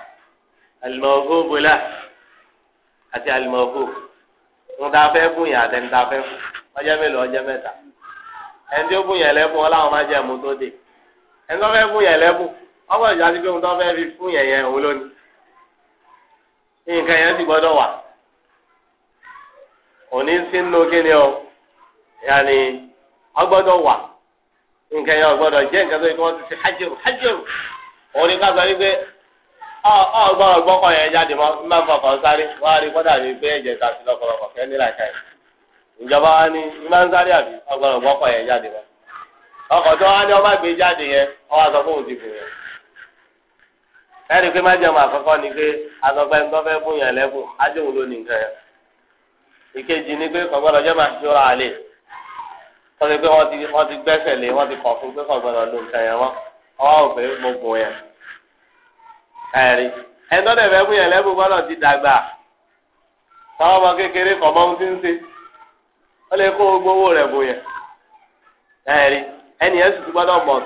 alimọ̀gbó bọ́lá àti alimọ̀gbó ń ta fún yàn àtẹni ta fẹ́ fún ọjọ́ mélòó ọjọ́ mẹ́ta ẹni ó fún yàn lẹ́fún ọ láwọn máa jẹ́ ẹ̀mú tó dé ẹni fún yàn lẹ́fún ọgbọ́n ìjà sí pé ohun tó fi fún yàn yẹn òun lónìí nǹkan yẹn ti gbọ́dọ̀ wà òní sínú kíni o yàní ọgbọ́dọ̀ wà nǹkan yẹn ọgbọ́dọ̀ jẹ́ nǹkan tó yẹ kí wọ́n ti ṣe hajjẹ́rù Ọ ọgbọ́n kọ yẹn jáde mọ́ nígbà fún ọkọ̀ sáré wọ́n á rí kọ́dà ní pé ẹ̀jẹ̀ ta sí lọ́kọ̀ọ́kọ̀ kẹ́ ní làkà yìí ìjọba wa ní nígbà ń sáré àbí jáde tó wá ní ọba gbé jáde yẹn sọ yẹn ẹni pé ni pé ń fún ló ní nǹkan yẹn ìkejì ni pé àlè ti pé ti ẹ̀rí ẹ̀dọ́ dẹ̀ fẹ́ múyàn lẹ́bù gbọ́dọ̀ ti dàgbà táwọn ọmọ kékeré kọ̀ mọ́ ohun tí ń ṣe ó lè kó gbogbo owó rẹ̀ ẹ̀rí ẹni yẹn sì ti gbọ́dọ̀ mọ̀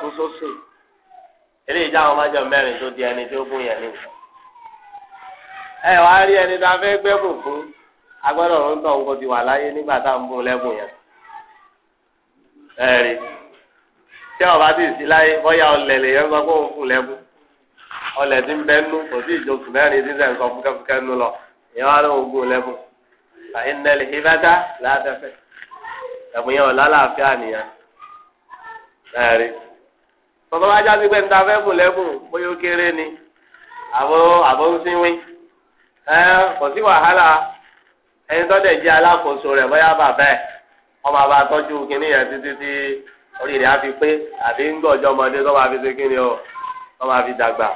tó májọ mẹ́rin tó di ẹni yẹn ní ẹ wá rí ẹni tá a fẹ́ gbẹ́bùn fún agbọ́dọ̀ ló ń tọ̀ nǹkan ti wà láyé nígbà tá à ń lẹ́bùn yẹn ọlẹ̀ tí ń bẹ́ nú kò sí ìjọsù mẹ́rin tí sẹ́ ń sọ fúkẹ́fúkẹ́ nú lọ ìyẹn wà lóhùn ogun lẹ́bùn àyìn nẹ́lẹ̀ ìbẹ́dá làádẹ́fẹ́ ẹ̀bùn yẹn ọ̀la láàfíà nìyẹn ẹ̀rí. tọ́tọ́ bá já sí pé níta fẹ́ bùn lẹ́bùn bóyá ó kéré ni àbó àbó ń sínwín ẹ kò sí wàhálà ẹni tó dẹ̀ jẹ́ alákòóso rẹ̀ bóyá bàbá ẹ̀ ọmọ àbá tọ́jú kinní yẹn títí tí orí rẹ̀ á fi pé àbí ń gbọ́jọ́ ọmọdé tó máa fi ṣe kinní o tó máa fi dàgbà.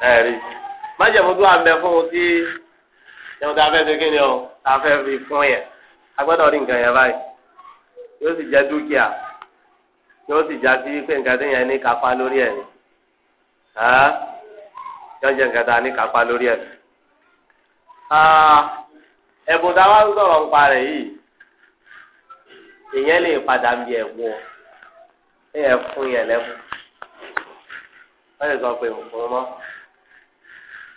ẹ̀rí májèmú tó wà ń bẹ fún un ni o fi fún agbọ́dọ̀ rí nǹkan yẹn báyìí yóò sì jẹ́ dúkìá yóò sì já sí pé nǹkan ní kápá lórí ẹ̀ ni yóò jẹ́ nǹkan tá a ẹ̀bùn tá a wá ń sọ̀rọ̀ ń parẹ̀ yìí lè padà bí ẹ̀ fún yẹn wọ́n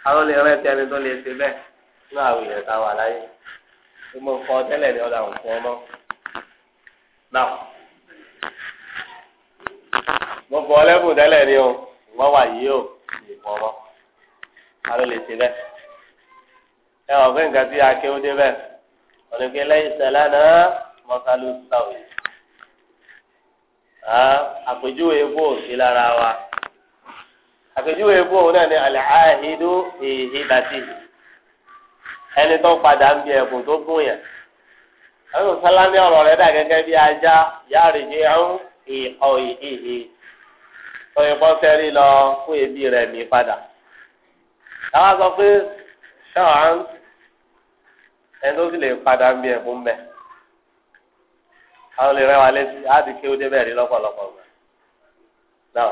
àwọn lè rántí ẹni tó lè ṣe bẹ́ẹ̀ nínú àwọn èèyàn tá a wà láyé tí mo kọ tẹ́lẹ̀ ní ọ̀dà òkú ọmọ náà mo kọ ọlẹ́bùn tẹ́lẹ̀ ní o ìwọ́n wà yìí o lè kọ ọmọ àwọn lè ṣe bẹ́ẹ̀ ẹ ọ̀fẹ́ nǹkan tí akéwọ́dé bẹ́ẹ̀ ọ̀nìkẹ́ lẹ́yìn sẹ́lá náà mọ́sálú sáwìí ah, àpèjúwe bó sí lára wa. àpèjúwe ebú òun náà ni àlàáhìdú ìhìbàtì ẹni tó padà ń bí ẹ̀bùn tó gún yẹn àwọn sálámì ọ̀rọ̀ rẹ̀ dà gẹ́gẹ́ bí ajá yáàrì jẹ́ àwọn ìhìhì tó ikọ́ sẹ́rí lọ fún ẹbí rẹ̀ mí padà. táwa sọ pé ṣọ́ọ̀án ẹni tó sì lè padà ń bí ẹ̀bùn mẹ́ àwọn olè rẹwà létí á ti kéwòn débẹ̀ rí lọ́pọ̀lọpọ̀ náà.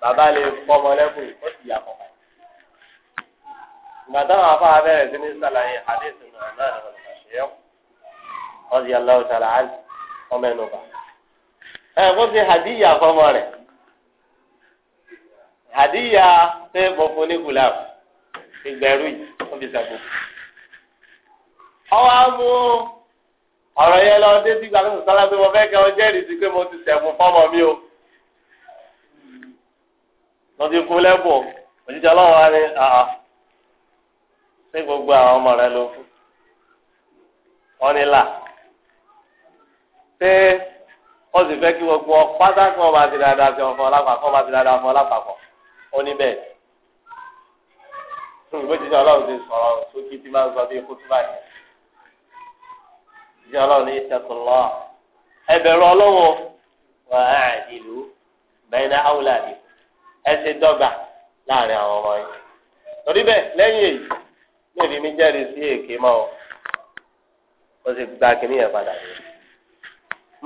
bàbá lè fọmọ lẹ́kùn ó sì yà kọ̀ báyìí. ìgbà táwọn afọ abẹ́rẹ́ sí ní sàlàyé àdéhùn náà náà lọ́wọ́ ṣàṣeyọ́ wọ́n ti yà lọ́wọ́ sàlà áàlì ọmọ ẹnu bá. ẹ kó ti hadiya fọmọ rẹ̀ hadiya pé mo fún ní gulab ìgbẹ́rù yìí ó fi sàgbó. ọwọ́ á mú ọ̀rọ̀ yẹn lọ dé sí gbàgbọ́sọ̀ sálá pé mo fẹ́ kẹ́ ọ jẹ́rìí sí pé mo ti sẹ̀kún fọmọ mi o wọ́n ti kú lẹ́bùn òjijì ọlọ́run wa ni àá ṣé gbogbo àwọn ọmọ rẹ ló fún wọn ni là ṣé wọ́n sì fẹ́ kí gbogbo pátá kí wọ́n bá ti dáadáa sí ọ̀fọ̀ lápapọ̀ wọ́n bá ti dáadáa fún ọ lápapọ̀ ó ní bẹ́ẹ̀ ìgbójijì ọlọ́run ti sọ̀rọ̀ sókè tí máa ń sọ bí ikú tó báyìí ìjì ọlọ́run ní ìtẹ̀kùnlọ́ ẹbẹ̀rù ọlọ́run wà á ìlú bẹ́ẹ̀ ní àwùlà àdìgbò ẹ ṣe dọ́gba láàrin àwọn ọmọ yìí torí bẹ́ẹ̀ lẹ́yìn èyí mi ò fi mi jẹ́rìí sí èké mọ́ o ó sì gba kínní yẹn padà ní.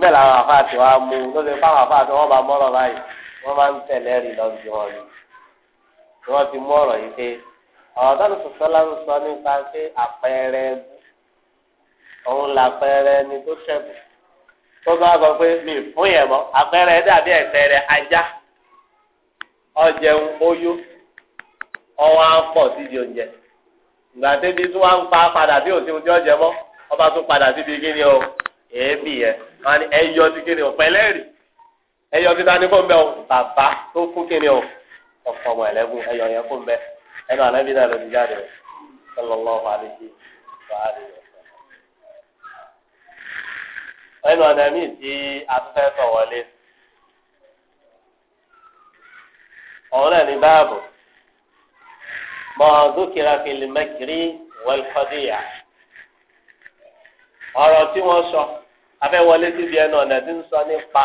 bẹ́ẹ̀ làwọn àfáà tí wọ́n á mú un lọ́sẹ̀ fáwọn àfáà tí wọ́n bá mọ́rọ̀ báyìí wọ́n máa ń tẹ̀lé rí lọ́dún tí wọ́n rí tí wọ́n ti mú ọ̀rọ̀ yìí pé ọ̀rọ̀ táwọn sọ̀sọ́lá ń sọ nípa pé àpẹẹrẹ òun làpẹẹrẹ ni tó ṣẹ̀kù tó bá gbọ́ pé mi fún yẹn mọ́ àpẹẹrẹ dàbí àpẹẹrẹ ajá ọjẹun oyó ọwọ́ á pọ̀ sídìí oúnjẹ ìgbà tẹ́bi tí wọ́n ń pa padà bí òsì oúnjẹ ọjẹ mọ́ ọba tún padà síbi kí ni o èébì yẹn wọ́n ní ẹyọ ti kí o pẹ̀lẹ́rì ẹyọ ti dání fún bẹ́ẹ̀ o bàbá tó fún kí o ọ̀pọ̀ ọmọ ẹyọ yẹn fún bẹ́ẹ̀ ẹnu ànábì náà ló ti jáde o sallallahu alaihi wa alihi ẹnu ànábì tí afẹ́fẹ́ sọ̀wọ́lé sí. ọ̀rẹ́ ní báàbò mọ dúkìá fìlì mẹ́kìrì wẹ́lkọ́dìyà ọ̀rọ̀ tí wọ́n sọ afẹ́wọlé síbi ẹnu ọ̀nà tí ń sọ nípa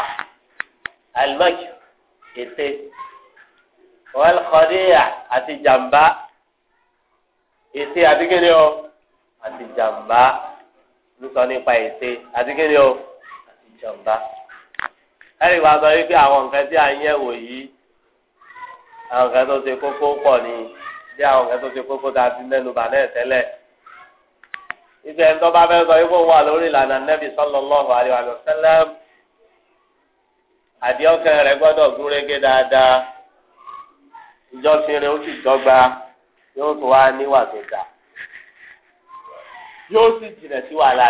alimẹ́kì ète wẹ́lkọ́dìyà àti jàmbá ète àti kíni o àti jàmbá ń sọ nípa ète àti kíni o àti jàmbá ẹ̀rí wàá sọ wípé àwọn nǹkan tí a ń yẹ̀wò yìí. àwọn kan tó ṣe kókó pọ̀ ni bí àwọn kan tó ṣe kókó tá a ti mẹ́nu bà náà tẹ́lẹ̀ ife ẹni bá fẹ́ sọ ikú wà lórí ìlànà nẹ́bí sallallahu alaihi wa sallam àdìọ́kẹ́ rẹ̀ gbọ́dọ̀ gúnrégé dáadáa ìjọsìn rẹ̀ ó sì dọ́gba yóò wá níwà tó yóò sì jìnà sí wàhálà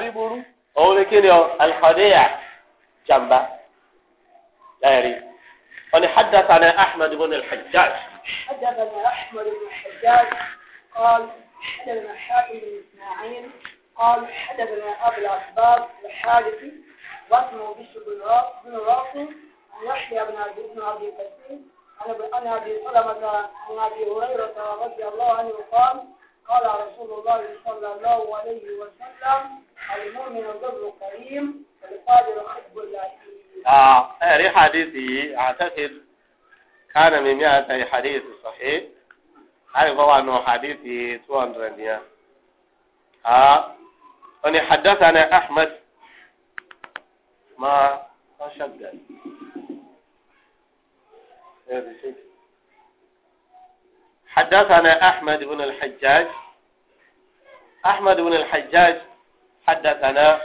bí òun ni kí ni ọ alihadiya jàmbá láyẹ̀rí ọ̀nì hadathana ahmed ibn al-hajjaj. hadathana ibn al-hajjaj قال حدثنا حاتم بن اسماعيل قال حدثنا ابو الاسباب الحارثي واسمه بشر بن راسم عن يحيى بن عبد بن ابي قسيم عن ابي سلمه عن ابي هريره رضي الله عنه قال قال رسول الله صلى الله عليه وسلم المؤمن الكريم الله آه هذه إيه، حديثي أعتقد كان من مئة حديث صحيح هاي طبعا أنه حديثي يعني. آه أني حدثنا أحمد ما ما شدد حدثنا أحمد بن الحجاج أحمد بن الحجاج حدثنا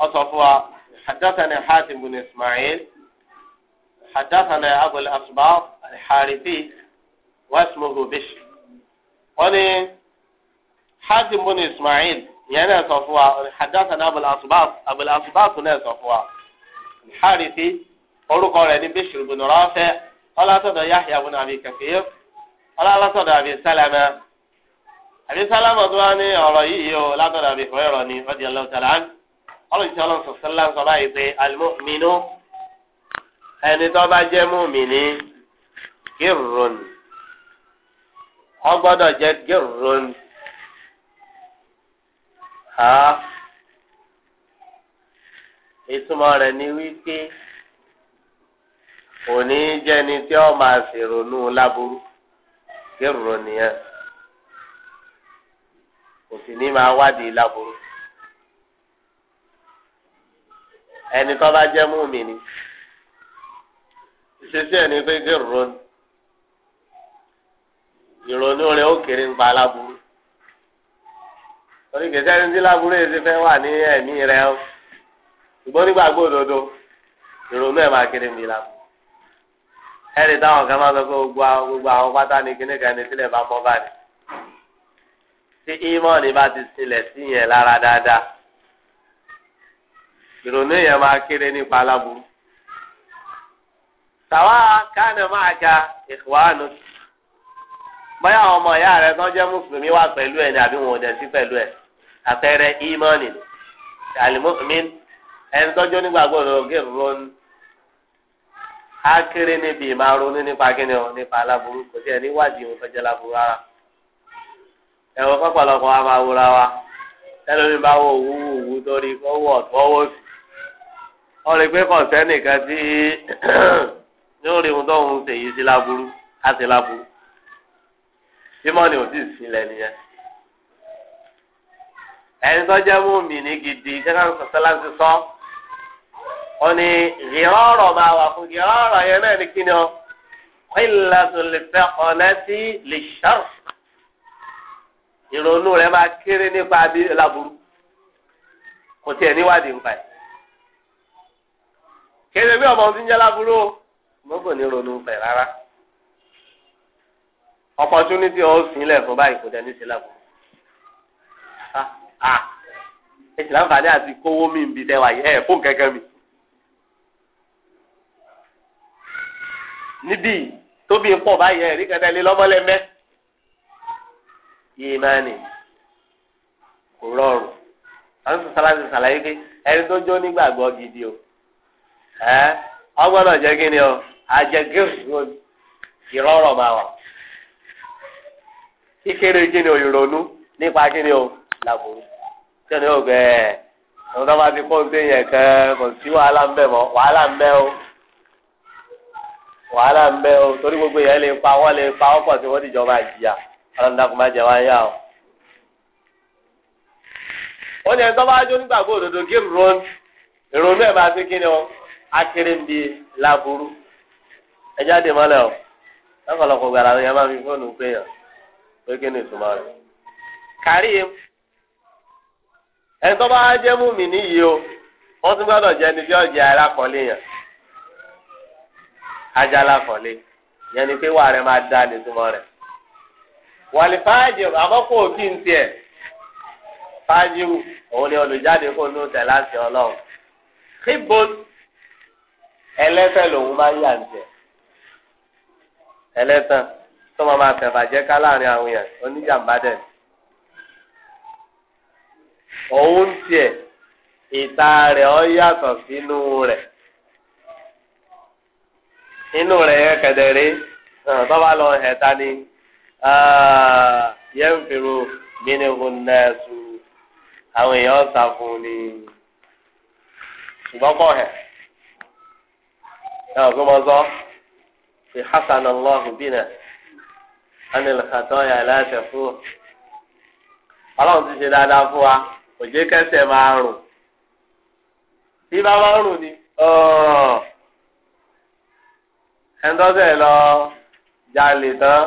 أصفوا حدثنا حاتم بن إسماعيل حدثنا أبو الأصباط الحارثي واسمه بشر وني حاتم بن إسماعيل يعني صفوا حدثنا أبو الأصباط أبو الأصباط هنا صفوا الحارثي orúkọ بشر بن رافع قال rafi يحيى بن أبي كثير قال ọlọ́sọ̀dọ̀ أبي سلمة àbí sálámà tó wá ní ọ̀rọ̀ yìí o látọ̀dọ̀ àbí ìfọ̀rọ̀ ẹ̀rọ ni ọdí ọlọ́ọ̀tàlá ọlọ́ọ̀tì ọlọ́ọ̀tì sọ́lá ń sọ báyìí pé alimọ́mìnú ẹni tó bá jẹ́ mọ́mìnì gírùn ọ gbọ́dọ̀ jẹ́ gírùn ha ìtumọ̀ rẹ̀ ni wípé òní jẹ́ni tí ó máa ṣèrònú láburú gírùn nìyẹn kò sì ní máa wádìí láboró ẹni tó bá jẹ́ múmi ni ìṣesí ẹni pé kí ronú ìrònú rẹ̀ ó kéré ń pa aláburú torí kẹsẹ́ ẹni tí láburú yìí ti fẹ́ wà ní ẹ̀mí rẹ̀ ó ṣùgbọ́n nígbàgbọ́ òdodo ìrònú ẹ̀ máa kéré ń bi láburú ẹ̀rí táwọn kan máa sọ pé gbogbo àwọn pátá ni kíníkan ẹni sílẹ̀ bá mọ́ báyìí tí ìmọ̀ọ́nì bá ti sílẹ̀ sí yẹn lára dáadáa ìrònú yẹn máa kéré nípa aláburú. sàwa kánà máa ja ìwánu báyà ọmọ ìyá rẹ tán jẹ́ mùsùlùmí wà pẹ̀lú ẹ̀ ní àbí wọn ò dẹ̀ sí pẹ̀lú ẹ̀ àpẹẹrẹ ìmọ̀ọ́nì àlùmọ́ọ̀mí ẹni tọ́jú onígbàgbọ́ lóògì ronú á kéré níbi ìmáa ronú nípa kíni o nípa aláburú kò sí ẹni wádìí òun fẹ́ jẹ́ ẹ̀wọ̀n pọ̀pọ̀lọpọ̀ a máa wúra wa ẹlòmí bá wọ òwú òwú torí kó wọ̀ sí ọ̀rẹ́ pé kọ̀ǹsẹ́ nìkan tí [CLEARS THROAT] yóò rí ohun tó ń ṣèyí sí láburú á láburú símọ́nì ò sì sílẹ̀ nìyẹn ẹni tó jẹ́ mú mi ní gidi gẹ́gẹ́ sọ́sẹ́lá sọ ọ ni gírọ́rọ̀ máa wà fún gírọ́rọ̀ yẹn náà ní kíni ọ qillatu lil faqnati ìrònú rẹ̀ máa kéré nípa bí laburu kò tiẹ̀ níwádìí nípa ẹ̀ kéde bí ọmọ ti ń jẹ́ laburu o gbogbo ní ronú pẹ̀ rárá opportunity ó sílẹ̀ fún báyìí kò dẹ́ni sí laburu ah, ah. ẹ sì láǹfààní àti kówó mi ń bi tẹ́wà yìí ẹ̀ fún kẹ́kẹ́ mi. níbi tóbi pọ̀ báyìí ẹ̀rí kẹtẹ́lélọ́mọ́lẹ́mẹ́. ìmánì kò rọrùn àwọn sọsọláṣí sàlàyé pé ẹni tó jó nígbàgbọ́ gidi o ẹ ọgbọ́dọ̀ jẹ́ kí ni o àjẹgẹ́rù ìrọ̀rọ̀ máa wà kíkéré kí ni o ìrònú nípa kí ni o làbòrò kí ni o gbẹ bá ti kó yẹn kẹ kò sí wàhálà ń bẹ mọ wàhálà ń bẹ o wàhálà ń bẹ o torí gbogbo yẹn lè pa wọn lè pa ọkọ tí wọn ti jọba jìyà. onye dákun má jẹ wá yá o. ó ní ẹ̀tọ́ bá jó nígbàgbọ́ ron ìrònú ẹ̀ kí ni o akéré ń bi laburu ẹ jáde mọ́lẹ̀ o lọ́kọ̀lọ́kọ̀ gbàrà ló máa fi fóònù pé yàn pé kí ni ìtumọ̀ rẹ̀. kárí o wọ́n tún gbọ́dọ̀ jẹ́ níbi ọ̀jẹ̀ ajá yẹn ni pé wàá máa wàlí fáájìrù àbọ̀kù òkì ń tiẹ̀ fáájìrù òun ni olùjáde kò ní òtẹ̀ láti ọlọ́run kíbo ẹlẹ́fẹ̀ lòun máa ń yà ń tiẹ̀ ẹlẹ́tàn tó máa máa tẹ̀fàjẹ́ ká láàrin àwọn èèyàn oníjàmbá dẹ̀ òun tiẹ̀ ìta rẹ̀ ọ yàtọ̀ sínú rẹ̀ inú rẹ̀ yẹn kẹ̀dẹ̀ tọ́ba lọ hẹ̀ta ni. Ah, yẹn fèrò mínírù nẹ́ẹ̀sù àwọn èèyàn sá fún ni ṣùgbọ́n kọ́ hẹ̀ ẹ̀ ọ̀gbọ́n mọ́tọ́ fi hasan allah bina anil khataya láti fún ọlọ́run ti ṣe dáadáa fún wa òjé kẹsẹ̀ máa rùn tí bá máa rùn ni ẹ̀ńdọ́sẹ̀ lọ jalè tán.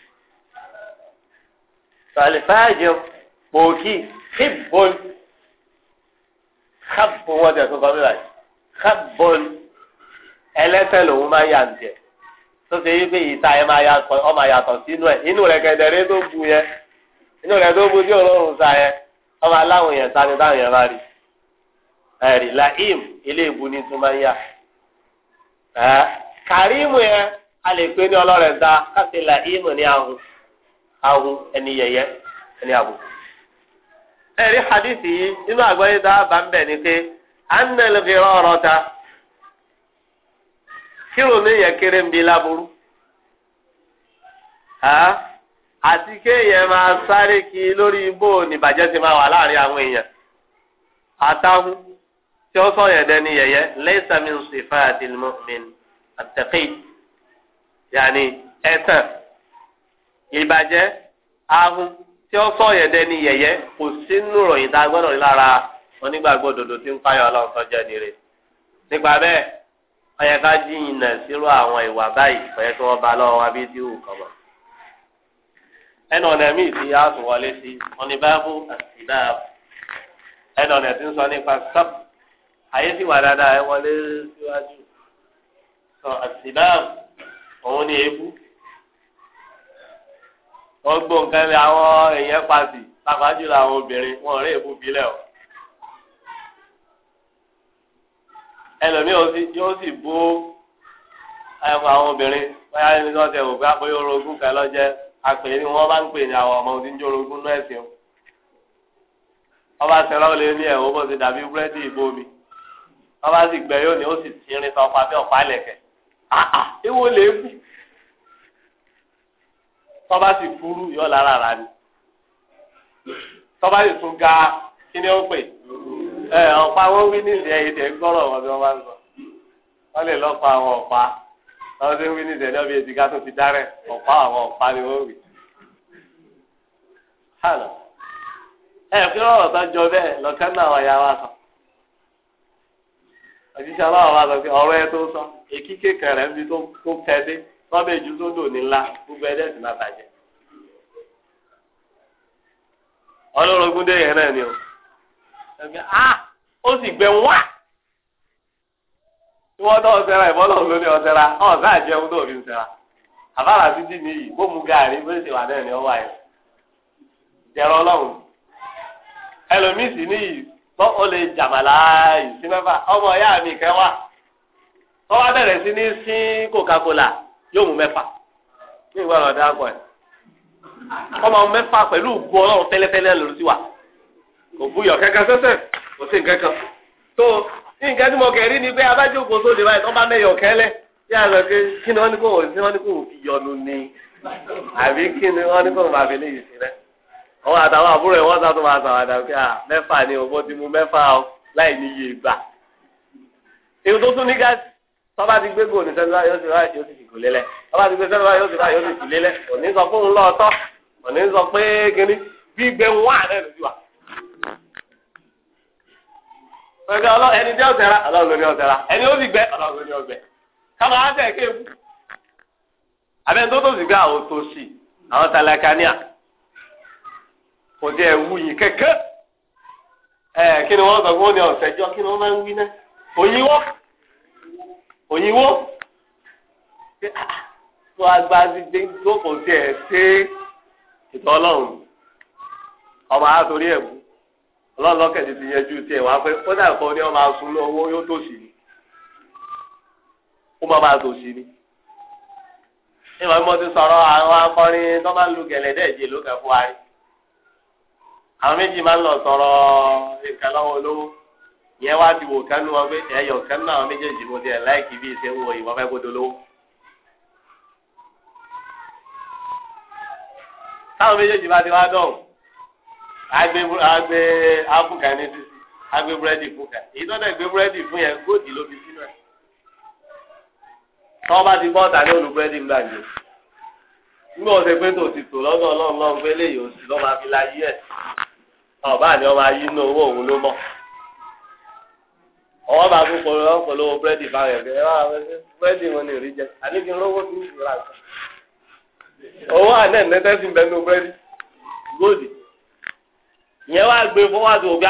sàlìfáàjẹ pòkì xibol xabbo wọn tẹ tó kọ mi báyìí xabol ẹlẹ́ṣẹ̀ lòun máa yà ń jẹ tó ṣe yí pé ìta ẹ máa yàtọ̀ ọ máa yàtọ̀ sínú ẹ inú rẹ kẹdẹrẹ tó bu yẹ inú rẹ tó bu tí Ọlọ́run sa yẹ ọmọ aláwọn yẹn sani táwọn yẹn bá rí ẹrí làhìm ilé ìbú ni tó máa ń yà ẹ kàrímù yẹn a lè pè ní ọlọrẹ ta káfí làhìm ní ahùn. ahu ẹni yẹyẹ ẹni àbùkù. ẹ̀rí Hadithi, yìí nínú àgbáyé tá bá ń bẹ̀ ni pé anẹ́lẹ́fẹ́ ọ̀rọ̀ ta kírò ní yẹn ń bi láburú àti kéèyàn máa sáré kí lórí bó ni ti máa wà láàrin àwọn èèyàn àtàwọn tí ó sọ yẹn dẹni yẹyẹ yàní ẹ̀tàn ìbàjẹ́ ahun tí ó sọ yẹn dẹni yẹ̀yẹ́ kò sínú ròyìn tá a gbọ́dọ̀ rí lára onígbàgbọ́ òdodo tí ń fáyọ̀ ọlọ́run tó jẹ́ nire nípa bẹ́ẹ̀ ọyẹ ká jìnnà sírò àwọn ìwà báyìí ọyẹ tí wọ́n bá lọ́wọ́ wa bí díhù kọ̀mọ̀ ẹnu ọ̀nà míì tí a tún wọlé sí ọ̀nì báàbù àti báàbù ẹnu ọ̀nà tí ń sọ nípa sábù àyè sì wà dáadáa ẹ wọlé síwájú sọ àti báàbù òun ni èébú wọ́n nǹkan lé àwọn èèyàn pàṣẹ pàpàjù lọ obìnrin wọn rí èbú bilẹ̀ o. ẹlòmíì yóò sì bó ẹ̀fọ́ àwọn obìnrin báyà ní sọ́ọ̀tì ẹ̀wò pé àpò yóò kan lọ́jẹ́ àpè ni wọ́n bá ń pè ní àwọn ọmọ tí ń náà ẹ̀sìn o. ọba sẹ́lá ó ní ẹ̀wọ́ bó ti dàbí búrẹ́dì ìbò mi ọba sì gbẹ yóò ní ó sì tirin sọ pa bí ọ̀pá lẹ̀kẹ̀. àà ah, ah, ewo lè kú. tọ́ba sì fúrú yọ lára rà ni tọ́ba sì tún ga kí ni ó pè ẹ ọ̀pá wọn wí ní ìdí ẹ̀yìn gbọ́rọ̀ wọn bí wọ́n bá ń sọ wọ́n lè lọ́pọ̀ àwọn ọ̀pá ti dárẹ̀ ọ̀pá àwọn ọ̀pá ni wọ́n ẹ jọ bẹ́ẹ̀ lọ́kàn náà wọ́n sọ sọ pé ọ̀rọ̀ ẹ sọ tọ́bẹ̀ ju sódò ní ńlá gbogbo ẹ̀dẹ́ sì máa bàjẹ́. ọlọ́run ogúndé yẹn náà ni o ó sì gbẹ wá tí wọ́n tọ́ ọ̀sẹ̀ra ìbọ́lọ̀ ló ní ọ̀sẹ̀ra ọ̀sẹ̀ àjẹun tó fi ń mu bó wà náà ni ọlọ́run ó lè ìsínáfà ọmọ ìyá mi tọ́wọ́ bẹ̀rẹ̀ sí yóò mú mẹ́fà ní ìwé ọ̀rọ̀ dáàbọ̀ ẹ̀ ọmọ mẹ́fà pẹ̀lú ògbó ọlọ́run tẹ́lẹ́tẹ́lẹ́ lòún sí wa kò búyọ̀ kankan sẹ́sẹ̀ kò sí nǹkan kan tó nǹkan tí mo kẹ́ rí ni pé abájókòó tó lè báyìí tó bá mẹ́yọ̀ kẹ́lẹ́ tí a lọ pé kí ni wọ́n ní kó fi yọnu ni àbí kí ni wọ́n ní kó máa fi léyìí sí rẹ̀ ọwọ́ àtàwọn àbúrò ẹ̀ wọ́n sá máa sàwádà pé à mẹ́fà ni òbó ti mú mẹ́fà láì níye tọ́ba ti gbé gòlì sẹ́nu báyìí ó sì báyìí ó fi gòlì lẹ̀ tọ́ba lé lẹ̀ òní sọ fún un lọ́ọ̀tọ́ òní sọ pé kíní ń wá rẹ̀ ẹni tí ó ló ẹni ó sì gbẹ ló ní gbẹ òyìnbó ah, ah, tó agbáàdìdé tó kò tiẹ̀ ṣe ìtọ́ ọlọ́run ọmọ àtòrí ẹ̀ bú ọlọ́run lọ́kẹ̀dé ti yẹjú tiẹ̀ wá pé kódà kan ní ọmọ asun lọ́wọ́ yóò tó sí ni ó máa máa tó sí ni ìwà mímọ́ ti sọ̀rọ̀ àwọn akọrin tó máa lu gẹ̀lẹ́dẹ̀ jè ló kẹ́ fún àwọn méjì máa ń lọ sọ̀rọ̀ nǹkan lọ́wọ́ yẹn wá ti wò kánú wọn pé ẹyọ kánú àwọn méjèèjì mo tiẹ̀ láìkì bí ìṣe wo ìwọ fẹ́ gbódò lówó. táwọn méjèèjì bá ti wá dọ̀hùn agbe agbe afúkà ní sísí agbe búrẹ́dì fúkà èyí tó dẹ̀ gbé búrẹ́dì fún yẹn góòdì ló fi sínú ẹ̀. tọ́wọ́ bá ti bọ́ ọ̀tà ní olùbúrẹ́dì ńlá yìí nígbà wọ́n ṣe pé tó ti tò lọ́dọ̀ ọlọ́run lọ́run pé léyìí oṣù ọwọ́ bá kú kọ́ lọ́wọ́ kọ́ lọ́wọ́ búrẹ́dì bá rẹ̀ bẹ́ẹ̀ wá búrẹ́dì wọn ni rí jẹ àní kí n lówó kí rà nǹkan. owó àná búrẹ́dì ìyẹn gbé òbí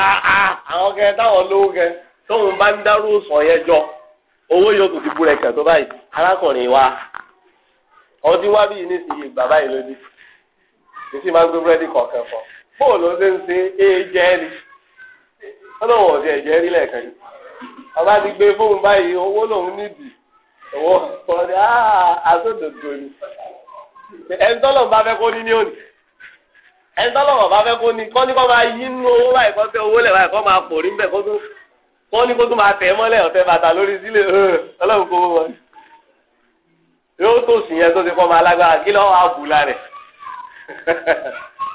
àwọn kẹ táwọn lówó kẹ tóun bá ń dárú sọ yẹn jọ owó wá nísìnyí máa gbé búrẹ́dì kọ̀ọ̀kan fọ ó ń é ó lóun ò ti lẹ́ẹ̀kan ọba ti gbé fóun báyìí owó lòun nídìí owó ọ̀rẹ́ àtòdòdò ah, ni ẹni tọ́lọ̀ bá fẹ́ kó ní ní òní ẹni tọ́lọ̀ bá fẹ́ kó ní kọ́ ní kọ́ máa yí nínú owó báyìí kọ́ tẹ owó lẹ̀ báyìí kọ́ máa pò rí bẹ́ẹ̀ kó tún kọ́ ní kó tún máa tẹ̀ mọ́lẹ̀ ọ̀tẹ̀ bàtà lórí sílẹ̀ ọlọ́run kó wọ́n yóò tó sì yẹn tó ti kọ́ máa lágbára kí lọ́wọ́ àbúlá rẹ̀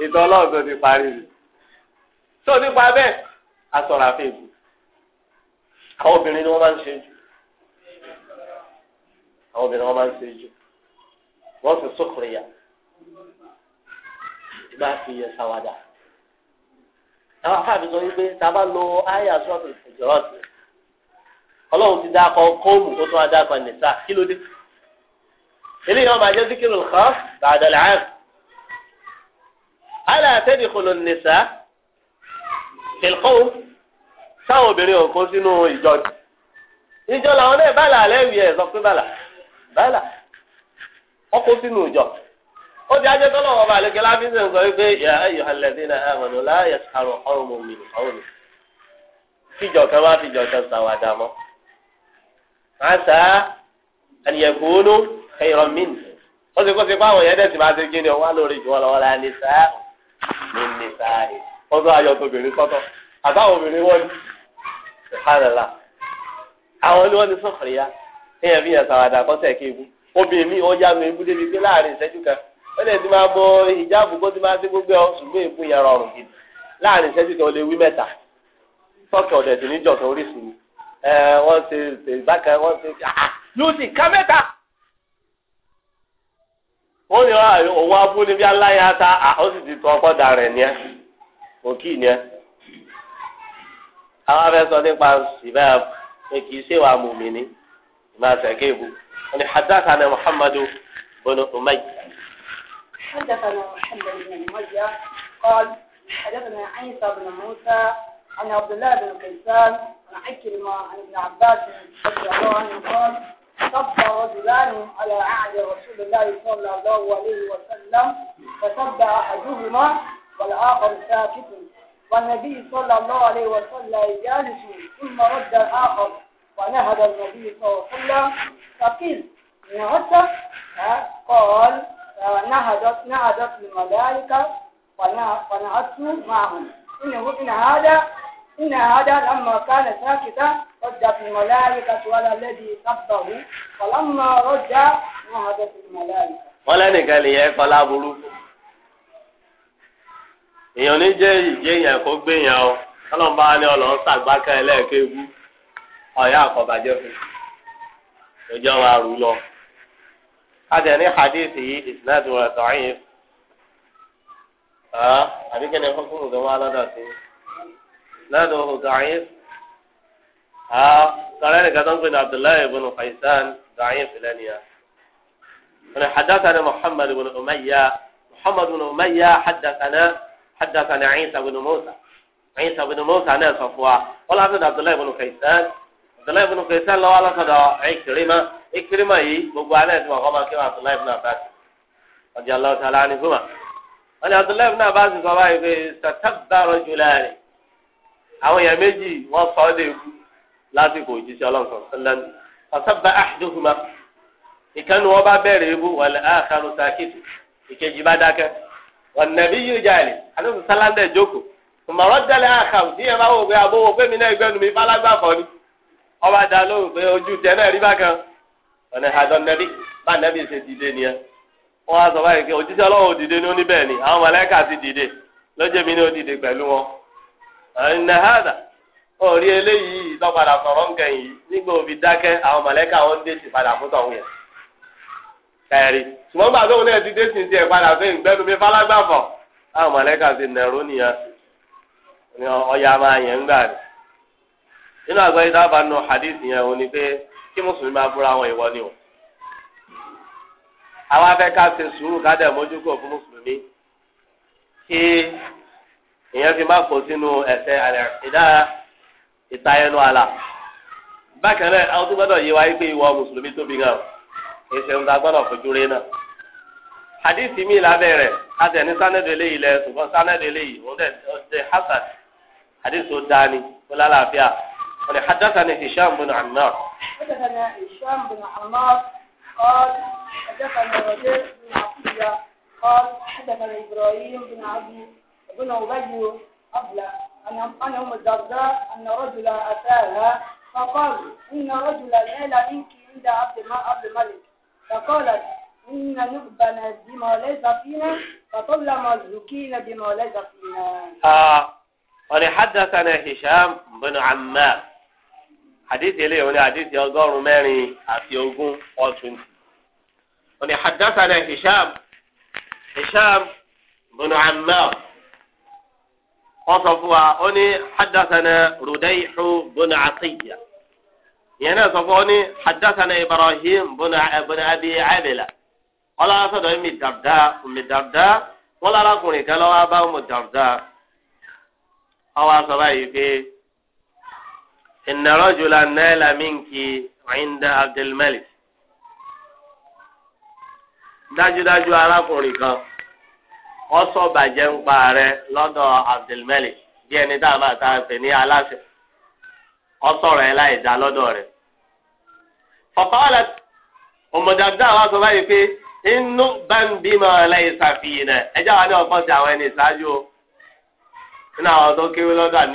ìtọ́ tó ti parí rẹ̀ tó nípa bẹ́ẹ̀ asọ̀ràfẹ́ àwọn obìnrin ni wọ́n máa ń ṣe jù àwọn obìnrin wọ́n máa ń ṣe jù wọ́n sì sókòrìyà ìgbà fi yẹ sáwádà àwọn afáàbí sọ wípé tá a bá lo àyà sọ́ọ̀tì ìjọ́rọ̀tì ọlọ́run ti dáa kọ kóòmù ó tún adá kan nìta kí ló dé eléyìí wọn máa jẹ́ síkírù kan bàdàlẹ́ àrùn àlà àtẹ́dìkùnú nìta tẹ̀lẹ́kọ́wọ́. sáwọn obìnrin ọkọ sínú ìjọ ìjọ làwọn náà bàlà lẹ́wìí ẹ̀ sọ pé bàlà bàlà sínú ìjọ ó di ajẹ́ tọ́lọ̀ ọba àlekè láfíìsì ń sọ wípé yà á yọ ẹlẹ́dí náà àmọ̀nù láàyè sàrọ̀ ọ̀rùn mọ̀ mi ọ̀rùn mi fíjọ kan wá fíjọ kan sàwádà mọ́ ó kó àwọn yẹn dẹ̀ máa ti ni la ní ní ní rè ayọ̀ tóbi ní sọ́tọ̀ obìnrin sàkánàlá àwọn ni wọ́n ní sọ̀kìrìyà kéèyàn fi hàn sàwádà kọ́sẹ̀ kéèkú obìnrin mi ó mi ikú débi pé láàrin ìṣẹ́jú kan ó lè ti máa bọ ti máa gbogbo ẹ̀ ṣùgbọ́n èkú yẹn rọrùn gidi láàrin ìṣẹ́jú kan ó lè wí mẹ́ta tọ́kẹ̀ ọ̀dẹ̀ tó níjọ̀kan oríṣi ni wọ́n ṣe ìbákan wọ́n ṣe ah, ká àwọn afẹ́sọ nípa sibab pé kì í ṣe wà mùmíní ìmọ̀ àṣẹ̀kẹ́ ìbú wọn ni hadathana muhammadu bọ́nà umay. حدثنا محمد بن مجد قال حدثنا عيسى بن موسى عن عبد الله بن كيسان عن عكرمة عن ابن عباس رضي الله عنه قال صب رجلان على عهد رسول الله صلى الله عليه وسلم فسب احدهما والاخر ساكت والنبي صلى الله عليه وسلم جالس ثم رد الآخر ونهض النبي صلى الله عليه وسلم فقيل نهضت قال نهضت نهضت الملائكة ونهضت معهم إنه إن هذا إن هذا لما كان ساكتا ردت الملائكة ولا الذي سبه فلما رد نهضت الملائكة ولا نقال يا فلا بلوك èèyàn ní jẹ́ ìjẹ́ yẹn kó gbé yẹn o ọlọ́run bá ní ọlọ́run sàgbákẹ́ ẹlẹ́ẹ̀kẹ́gù ọ̀yá àkọ́bàjẹ́ fún ìjọ máa rú lọ. kájà ní hadith yìí ìsìnàdì wọn ẹ̀tọ́ yìí àbí kẹ́ni fún fún òkè wọn alọ́dọ̀ sí i lẹ́nu òkè yìí sọ̀rọ̀ ẹnìkan tó ń pè ní abdullahi ibn faisan da'if lẹ́nìyà. wọn ni muhammad ibn umayya muhammad ibn umayya haddatha حدثنا عيسى بن موسى عيسى بن موسى أنا صفوا ولا عبد الله بن كيسان عبد الله بن كيسان لو على صدا عكرمة عكرمة هي مبوانا اسمه غما كما عبد الله بن عباس رضي الله تعالى عنهما أنا عبد الله بن عباس صباحي استتبع رجلان àwọn èèyàn méjì wọn sọ ọ léwu lásìkò òjíṣẹ́ Ọlọ́run sọ lẹ́nu ọsọba àdúgbò ìkànnì وبا bá والآخر ewu wàlẹ àkàrùn wọn nàbí yìí jáde àdéhùn sálándà ìjókòó mọ̀rọ̀ jẹ́lẹ̀ àkàwù tí yẹn bá wò pé àbówó pé mi náà gbẹ́nu mi fálágbàfọ́ ni ọba dá lóhùn pé ojú tẹ náà rí bákan ọ̀nà àdán nàbí bá nàbí ṣe dìde nìyẹn wọn á sọ báyìí pé òjíṣẹ́ ọlọ́wọ́ dìde ní oníbẹ̀ ni àwọn mọ̀lẹ́kà ti dìde lọ́jọ́ mi ní ó dìde pẹ̀lú wọn. ọ̀nàhàdà orí eléyìí ìtọ́padà sọ̀rọ̀ ń kẹyìn nígbà òbí dákẹ́ àwọn mọ̀lẹ́kà wọn dé sí padà fún tọ̀hún yẹn ẹ̀rí ṣùgbọ́n gbà tóun náà ti dé sí ti ẹ̀ padà fún ìgbẹ́nu mi falágbàfọ̀ táwọn mọ̀lẹ́kà ti nàró nìyẹn ni ọ̀ya máa yẹn ń gbà rí nínú àgbáyé dábàá nù hadith yẹn ò ní pé kí mùsùlùmí máa búra àwọn ìwọ ni o àwọn afẹ́ká ṣe sùúrù ká dẹ̀ mójú kò fún mùsùlùmí kí ìyẹn fi má kó sínú ẹ̀ṣẹ̀ àlẹ́ ìdá ìtayẹnu àlà bákan náà àwọn tó gbọ́dọ̀ yé wa pé ìwọ mùsùlùmí tóbi gan-an èsì ń ta gbọ́dọ̀ fojú rí náà. hadith mi lábẹ́ rẹ̀ kátẹ̀ ní sanadu eléyìí lẹ ṣùgbọ́n sanadu eléyìí òun dẹ̀ ọ̀dẹ̀ hasan hadith tó dání ó lálàáfíà wọ́n lè hadathani hisham bin ammar. hadathani hisham bin ammar قال حدثنا رجاء بن عطية قال حدثنا إبراهيم بن عبد بن أبي أبلة عن أم الدرداء أن رجلا أتاها فقال إن رجلا نال منك عند عبد الملك فقالت إن نبنا بما ليس فينا فطل مرزوكين بما ليس فينا آه ولحدثنا هشام بن عمار حديث لي هنا حديث يقول ماني أتيوغون أوتون ولحدثنا هشام هشام بن عمار وصفها أني حدثنا رديح بن عطية ìyẹn náà sọ fún ọ ní hadathana ibrahim bona bona abi abela wọn lára sọdọ ẹmi wọn kan lọ wá bá ọwọ pé náírà dájúdájú arákùnrin kan wọn sọ bàjẹ́ ń pa rẹ lọ́dọ̀ abdulmalik bí ẹni tá a máa ta ní aláṣẹ. ọsọrọ ẹ láì dá lọ́dọ̀ rẹ̀ fọkànlá ọmọdàdà wa sọ báyìí pé inú báńbí máa lẹ́yìn ṣàfihàn náà ẹjọ́ wa ní ọkàn ti àwọn ẹni ìṣáájú nínú àwọn tó kéwé yege rí lò dáadáa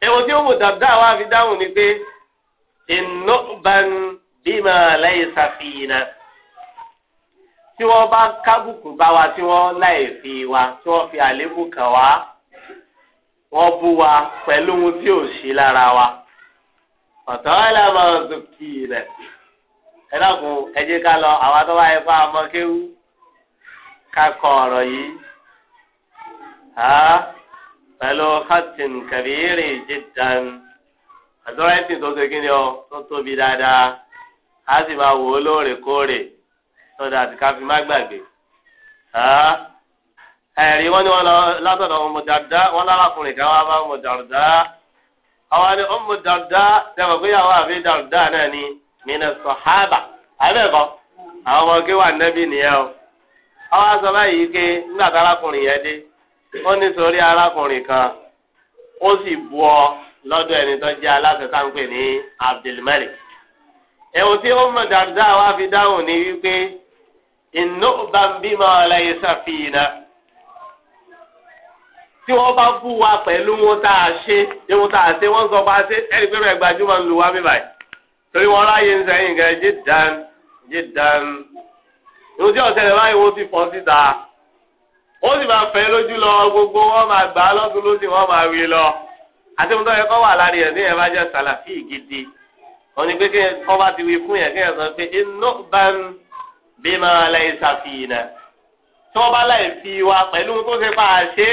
tí wa fi dáhùn ni pé inú máa náà tí bá wa tí láì fi wọ́n bú wa pẹ̀lú ohun tí ò sí lára wa ọ̀tọ̀ ẹlẹ́mọ̀ ọ̀dùnkì rẹ̀ ẹ dákun ká lọ àwa tó bá fún ọmọ kéwú ká yìí pẹ̀lú hatin kàbíyèrè jiddan àdúrẹ́sìn tó ṣe kíni ọ tó tóbi dáadáa á sì máa wò ó lóòrèkóòrè tó dáa àti ká fi má gbàgbé. ẹ̀rí wọn ni wọn lọ látọ̀dọ̀ ọmọ dàda wọn lárakùnrin kan wọn bá ọmọ dàda àwọn ni ọmọ dàda tẹ̀wọ̀ pé àbí dàda náà ni mina sọ̀hábà àbẹ̀bọ̀ àwọn ọmọ kí wà nẹ́bí nìyẹn o. àwọn aṣọ báyìí ké nígbà tí arákùnrin yẹn dé ó ní sórí arákùnrin kan ó sì bu ọ lọ́dọ̀ ẹni tó jẹ́ aláṣẹ sáńpẹ̀ ní Abdulmalik. ẹ̀wọ̀n tí ọmọ fi dáhùn wípé ìnú máa lẹ́yìn sàfihàn tí wọ́n bá bú wa pẹ̀lú wọn tá a ṣe ewu tá a ṣe wọ́n sọ bá a ṣe ẹ̀rí pé rẹ̀ gbajúmọ̀ ń lu wa bíbáyì torí wọn ráyè ń sẹ́yìn gẹ̀ jẹ́ dán jẹ́ dán ìwọ tí ọ̀sẹ̀ rẹ̀ báyìí wọ́n ti fọ́ síta ó sì máa fẹ́ lójú lọ gbogbo wọn máa gbà á lọ́dún lóṣù wọn máa wí lọ àti mo tọ́ wà lára yẹn ní ẹ̀ bá jẹ́ sàlàfí gidi wọn ni pé kí wọ́n bá ti wí fún yẹn kí yẹn sọ pé inú bá bí máa láì ṣàfihàn tí wọ́n bá láì fi wa pẹ̀lú tó ṣe pa àṣẹ.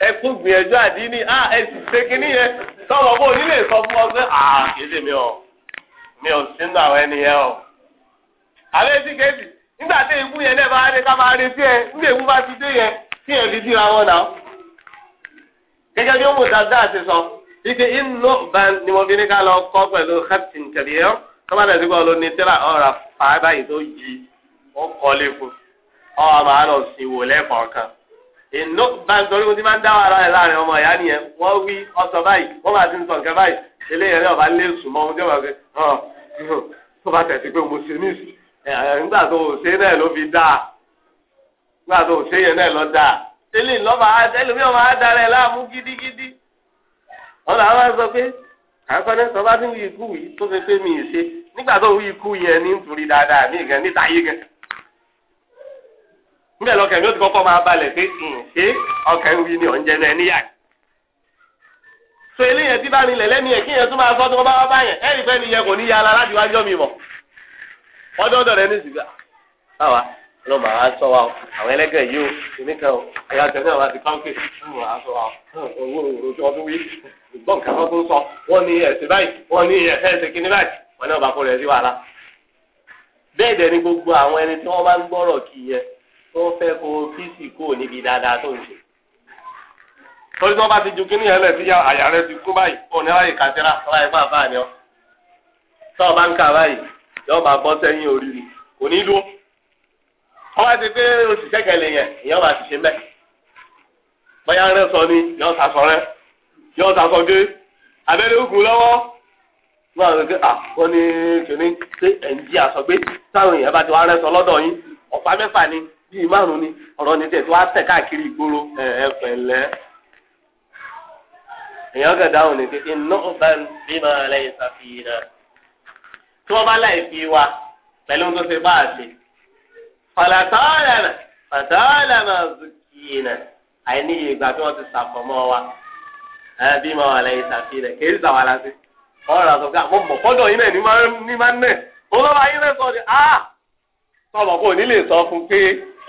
ẹ kú gbìyànjú àdínní à ah, ẹ sì ṣe kínní yẹn bó onílé sọ fún ọ pé à ah, kéde mi ò mi ò sínú àwọn ẹni o. àbẹ́ ti kéde nígbà tí ikú yẹn náà ká máa ẹ nígbà ikú bá ti dé yẹn fi wọn náà. gẹ́gẹ́ bí ọmọ dáadáa ti sọ ike inú bá ni mo fi ní ká lọ kọ́ pẹ̀lú captain kẹ̀lẹ́yọ́ tọ́mọdé ti gbọ́ ló ní tẹ́lá ọ̀rọ̀ fàá báyìí tó yí ó kọ́ lé fún ìnú báńkì orí mo ti máa ń dá wàhálà rẹ láàrin ọmọ ìyá nìyẹn wọ́n wí ọsọ báyìí wọ́n bá ti ń sọ nǹkan báyìí eléyẹrẹ ọba lé sùn mọ́ ohun tí ọba fi hàn tó bá tẹ̀sí pé mo ṣe ní ìsìn nígbà tó o ṣe náà ló fi dáa nígbà tó o ṣe yẹn náà lọ dáa eléyìí lọ́ba ẹlòmíì ọba á darẹ̀ láàmú gidigidi ọ̀nà àwọn sọ pé àkọ́ni sọ bá ti ń wí ikú yìí tó fi pé mi ì ṣe nígbà tó wí ikú yẹn ní nítorí dáadáa mi ì níbẹ̀ lọ́kẹ́ mi ó ti kọ́kọ́ máa balẹ̀ pé ṣé ọkẹ́ ń wí ni ọ̀njẹ́ náà níyà so eléyẹn tí bá nílẹ̀ lẹ́nu yẹn kí yẹn tún máa sọ tó bá wá báyẹn ẹ̀rì fẹ́ kò ní ya ara láti mi mọ̀ ọdọọdọ rẹ ní sìgá báwa ló máa sọ wa o àwọn ẹlẹgẹ yìí o èmi kan o ẹyà tẹ náà wọn máa sọ wa o owó òròjọ wí tó sọ ní báyìí ní kínní báyìí náà bá kó tó fẹ́ kó fíìsì kó níbi dáadáa tó ń ṣe torí tí wọ́n bá ti ju kínní yẹn lẹ̀ sí àyà rẹ ti kú báyìí kò ní láyè kàtẹ́rà láyè fún àfáàní ọ tó o bá ń kà báyìí yóò máa bọ́ sẹ́yìn oríire kò ní dúró wọ́n bá ti pé òṣìṣẹ́ kẹlẹ̀ yẹn ìyẹn máa ti ṣe mẹ́ bóyá rẹ sọ ni yóò sàsọ rẹ yóò sàsọ gé abẹ́rẹ́ ògùn lọ́wọ́ wọ́n á rẹ pé à wọ́n ní kìnní pé ẹ̀ ń jí àsọgbé táwọn èèyàn bá ti wá rẹ sọ lọ́dọ̀ yín ọ̀pá mẹ́fà ni bíi márùn ni ọ̀rọ̀ ní tẹ̀ tí wàá tẹ̀ káàkiri ìgboro ẹ pẹ̀lẹ́. èèyàn kan dáhùn ní pípé nọ́ọ̀bà bí máa lẹ́yìn ṣàfihàn. tí wọ́n bá láì fi wa pẹ̀lú tó ṣe bá a ṣe. fàlàtàlànà fàtàlànà zùkìyìnà àìníye ìgbà tí wọ́n ti ṣàfọ̀mọ́ wa bí máa lẹ́yìn ṣàfihàn kì í ṣàwọn aláṣẹ. wọ́n rà sọ pé àwọn mọ̀ fọ́dọ̀ yín náà ní máa ń nẹ̀ olówó ayé náà sọ ọ́ di ah sọ̀rọ̀ kò ní lè sọ fún pé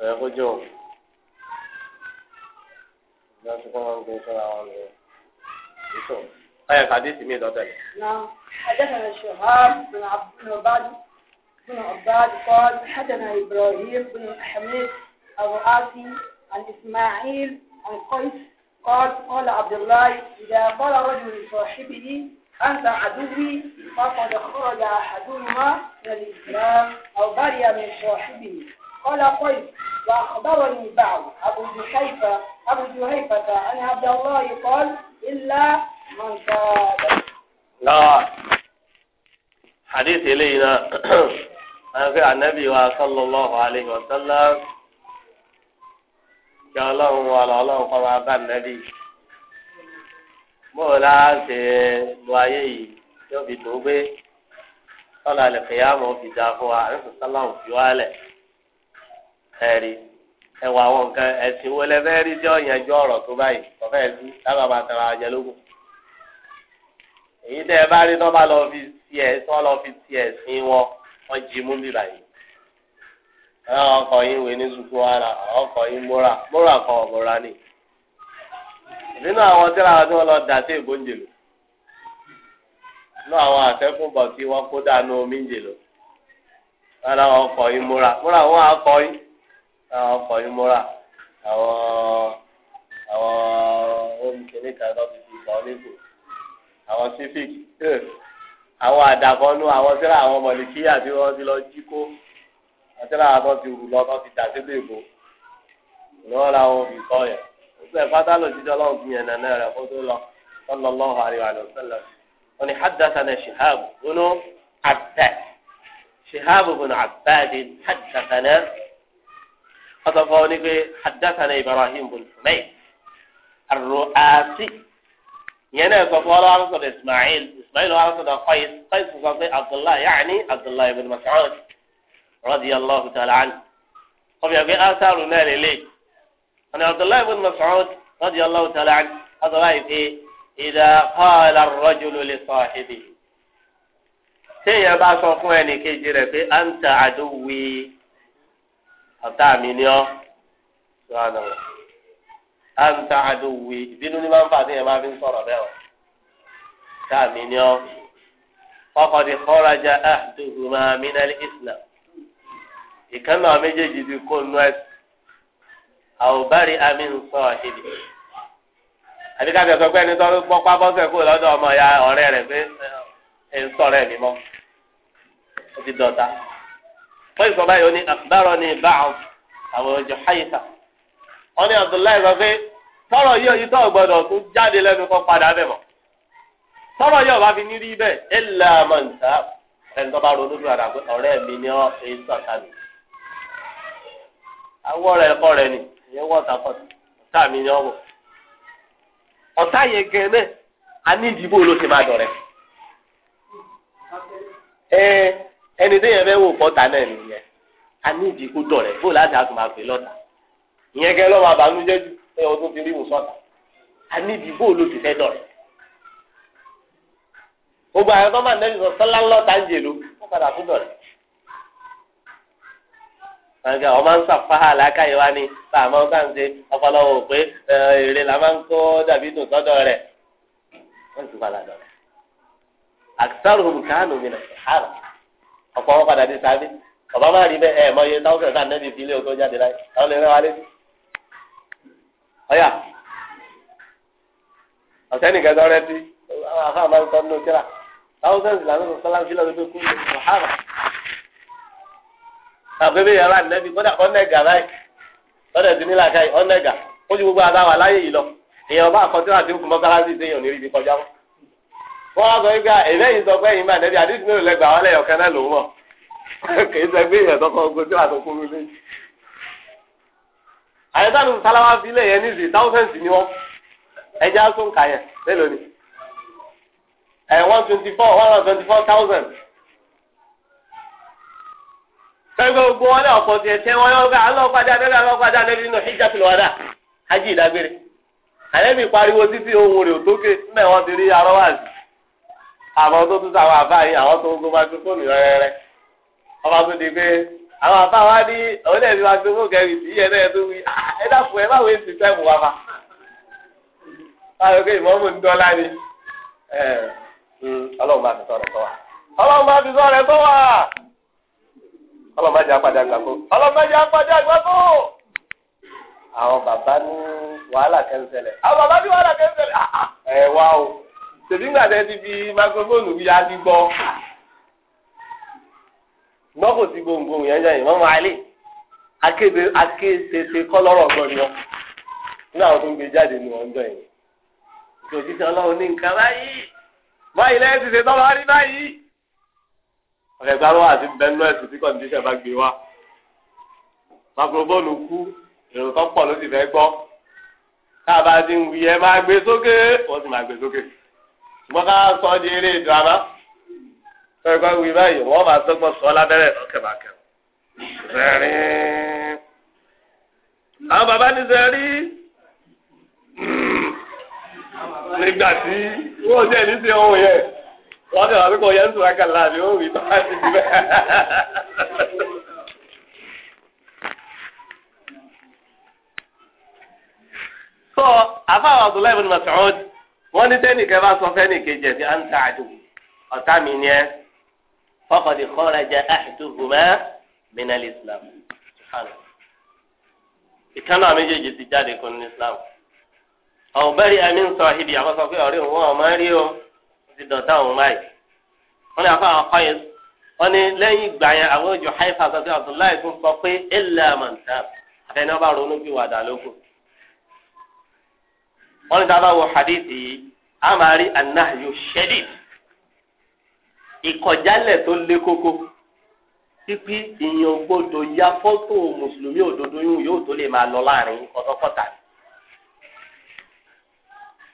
ẹ آية نعم. حدثنا شهاب بن عباد بن عباد قال حدثنا ابراهيم بن حميد الرؤاسي عن اسماعيل عن قال قال عبد الله اذا قال رجل لصاحبه أنت عدوي فقد خرج أحدهما من الإسلام أو بري من صاحبه قال قيس وأخبرني بعض أبو جحيفة أبو جحيفة أن عبد الله قال إلا من صاد لا حديث إلينا عن النبي صلى الله عليه وسلم kí ọlọ́run wà lọ́lọ́run kọ́ máa bá nàbí bóò láà ṣe lu ayé yìí tí ó fi dùn gbé tọ́lá lè fìyà mọ́ fi dáa fún wa àrísùn sálàmù fi wálẹ̀. ẹ̀rí ẹwà àwọn nǹkan ẹ̀sìn wo lẹ́fẹ́ rí jẹ́ ọ̀yànjú ọ̀rọ̀ tó báyìí ọ̀fẹ́ ẹ̀sìn sábà máa tẹ̀ra lógún. èyí tẹ́ bá rí lọ fi ti ẹ̀ lọ fi ti ẹ̀ wọn wọ́n jí mú ara ọkọ̀ yín ni. nínú àwọn tíra tí wọ́n lọ dà sí nínú àwọn àtẹ́kùnbọ̀ tí wọ́n kó dànù omi àwọn ọkọ̀ ìmúra àwọn àwọn oníkèlè kan tó ti fi ìgbà onígbò àwọn civic àwọn àdàkọ́nú àwọn sẹ́rà àwọn mọ̀lìkíyà tí wọ́n ti lọ jí kó àtẹ́lá àtọ́ ti wù lọ tán ti dà sílé ìbò lọ́wọ́ làwọn òbí kọ́ yẹn gbogbo ìfátà ló ti dọ́lọ́ òbí yẹn nàná rẹ̀ kó tó lọ sallallahu alaihi wa sallam wọn ni haddathana shihab bunu abdad shihab bunu ọsọfọ ni pé hadathana ibrahim bin humayi arru'asi yẹn náà sọfọ ọlọ́wọ́ sọ̀rọ̀ ismail ismail wà sọ̀rọ̀ qais qais sọ pé abdullahi yaani abdullahi bin mas'ud radiyallahu ta'ala anhu wọ́n fi hàn pé asaru náà lélẹ̀ ọ̀nà abdullahi bin mas'ud radiyallahu ta'ala anhu ọ̀sọ̀ báyìí pé idha qala ar-rajulu li téèyàn bá sọ fún ẹnì kejì rẹ̀ pé anta aduwwi. ọ̀tá mi ni ọ́ sọ́nà àǹtà àdòwì ìbínú ní máa ń fà téèyàn máa fi ń sọ̀rọ̀ bẹ́ẹ̀ o ọ̀tá mi ni ọ́ islam ìkànnà méjèèjì ti kó nù ẹsẹ̀ àwòbárí àmì ń sọ ìdí àbíká pé ẹni tó ń gbọ́ kó ọmọ ya ọ̀rẹ́ rẹ̀ pé ẹ̀ ń ó ti wọ́n sọ báyìí ó ní àkùbárọ̀ ní báwọn àwọn ọjọ́ háyìíta wọ́n ní abdullahi sọ pé tọrọ yìí ọyí tó gbọ́dọ̀ tún jáde lẹ́nu kan padà bẹ̀ mọ́ tọrọ yìí ọba fi ní rí bẹ́ẹ̀ ẹ̀ là máa ń ta ẹni tó bá ronú ju ara pé ọ̀rẹ́ mi ni ọ́ fi ń sọ̀tà mi awọ́ rẹ̀ ẹ̀kọ́ ni ìyẹn wọ́n sàkọ́tù ọ̀tá mi ni ọ̀wọ̀ ọ̀tá yẹn gẹ̀ẹ́nẹ́ a ní ìdìbò ló ti máa dọ̀rẹ́ ẹ̀ẹ́. ẹni téèyàn fẹ́ wò kọ́ta náà nìyẹn a ní ìdí kó dọ̀rẹ́ fún láti lọ́ta ìyẹn kẹ́ àbánújẹ́ ẹ ọdún fi rí wò sọ́ta a ní ìdí ti fẹ́ dọ̀rẹ́ gbogbo àwọn tó máa ń ma sọ sọ́lá lọ́ta ń jèlò wọ́n ni bá a máa ń sàǹsẹ ọpọlọwọ pé èrè la máa ń dàbí dùn sọ́dọ̀ ọ̀pọ̀ wọn padà dé sábẹ bàbá má rí bẹ ẹ mọ iye táwọn sọ̀rọ̀ nẹ́bí ìfilé o tó jáde láyé àwọn lè rẹ́ wa létí. ọ̀yà ọ̀sẹ̀ nìkan tó rẹ́ tí àwọn àmà ń sọ nínú kíra táwọn sọ̀rọ̀ ìlànà tó sọ́lá fílẹ̀ ló fi kú ní ọ̀hánà. àgbébé yàrá nẹ́bí kódà ọ̀nẹ́gà báyìí lọ́dẹ̀ ti nílà káyì ọ̀nẹ́gà ó ju gbogbo àdáwà láyé yìí lọ èèyàn bá àkọsílẹ̀ àti wọ́n á sọ wípé ah, ẹ̀lẹ́yìn sọ pé ìmọ̀ àdẹ́bí àdìsí náà lẹ́gbà wọn lẹ́yọ̀ kan náà ló wọ̀ [LAUGHS] kì í sọ pé èèyàn tọkọ ogun tí wà tó kúrú lé. àyẹ̀tàlù sáláwá sílẹ̀ yẹn ní ìsìn thousands ni wọ́n ẹja sún kà yẹn one twenty four one hundred twenty four thousand. pẹ̀lú wọn ọ̀pọ̀ tiẹ̀ wọn alọ́pàdé alọ́pàdé nínú hijab pariwo títí ohun mẹ́wọ́n ti rí àwọn tó tún sáwọn àbá yìí àwọn tó gbogbo microphone rẹrẹrẹ ọba tó di pé àwọn àbá wa ní ọlẹ́ ní microphone kẹrin tí yẹn náà tó wí ẹ dàpọ̀ ẹ báwo èsì tẹ́mù wa fa báyọ̀ pé ìmọ̀ọ́mù ń dọ́lá ni hmm, ọlọ́run bá fi sọ̀rọ̀ sọ wa ọlọ́run bá fi sọ̀rọ̀ sọ wa ọlọ́run bá jẹ́ apàdé àgbàkó ọlọ́run bá jẹ́ apàdé àgbàkó àwọn bàbá ní wàhálà kẹ́ńsẹ̀lẹ̀ àwọn bàbá ní wàhálà kẹ́ńsẹ̀lẹ̀ tèmígbà tẹ ti fi máikrófóònù bí a ti gbọ́ gbọ́ kò sí gbòǹgbòǹ yẹn jẹ́ ìmọ̀ màálì akéde akéde kọ́lọ́rọ̀ gbọ́ ni ọ́ nínú àwọn tó ń gbé jáde ní ọjọ́ yẹn kí òjíṣẹ́ ọlọ́run ní nǹkan báyìí báyìí lẹ́yìn ti ṣe tọ́lọ́ rí báyìí ọ̀rẹ́ gbárùn àti bẹ́ńnú ẹ̀sùn tí kọ́ndíṣẹ̀ bá gbé wá máikrófóònù kú èrò tó pọ̀ ló sì fẹ́ gbọ́ tá a bá ti ń wí ẹ máa gbé sókè wọ́n sì máa gbé sókè mo sọ di eré ìdùn àbá ẹgbẹ́ wí báyìí wọ́n máa sọ́gbọ́n sọ lábẹ́rẹ́ lọ́kẹ́ máa àwọn bàbá ní sẹ́ rí nígbà tí wọ́n jẹ́ ní sí ohun yẹn wọ́n tẹ̀wá pé kò yẹ ń tura kàlá àbí ó rí bàbá ti di bẹ́ẹ̀. sọ àfáwọn àtúnlẹ̀ ìbùdó màsàrọ́ọ̀dì wọ́n ní tẹ́nìkẹ́ bá sọ fẹ́nìkejì ẹ̀ fi à ń ta àdùn ọ̀tá mi ni ẹ́ fọkàndì kọ́ra jẹ́ àdùgbùmẹ́ minal islam ìkànnì àwọn méjèèjì ti jáde kún ní islam ọ̀hún bẹ́ẹ̀rì ẹ̀mí ń sọ ibi àwọn pé ọ̀rẹ́ òun ọ̀mọ́ rí o ti dọ̀tá òun báyìí wọ́n ní afọ́ àwọn kọ́yìn wọ́n ní lẹ́yìn ìgbà yẹn àwọn òjò haifa sọ pé abdullahi tún sọ pé ẹ̀ lẹ́ẹ̀mọ̀ntà àfẹnubá ronú bí wàdà lókun. wọ́n ní dábàá wọ hadith yìí a shedid ìkọjálẹ̀ tó lé pípí ìyàn ya fọ́tò mùsùlùmí òdodo yìí yóò tó lè máa lọ láàrin kọtọkọta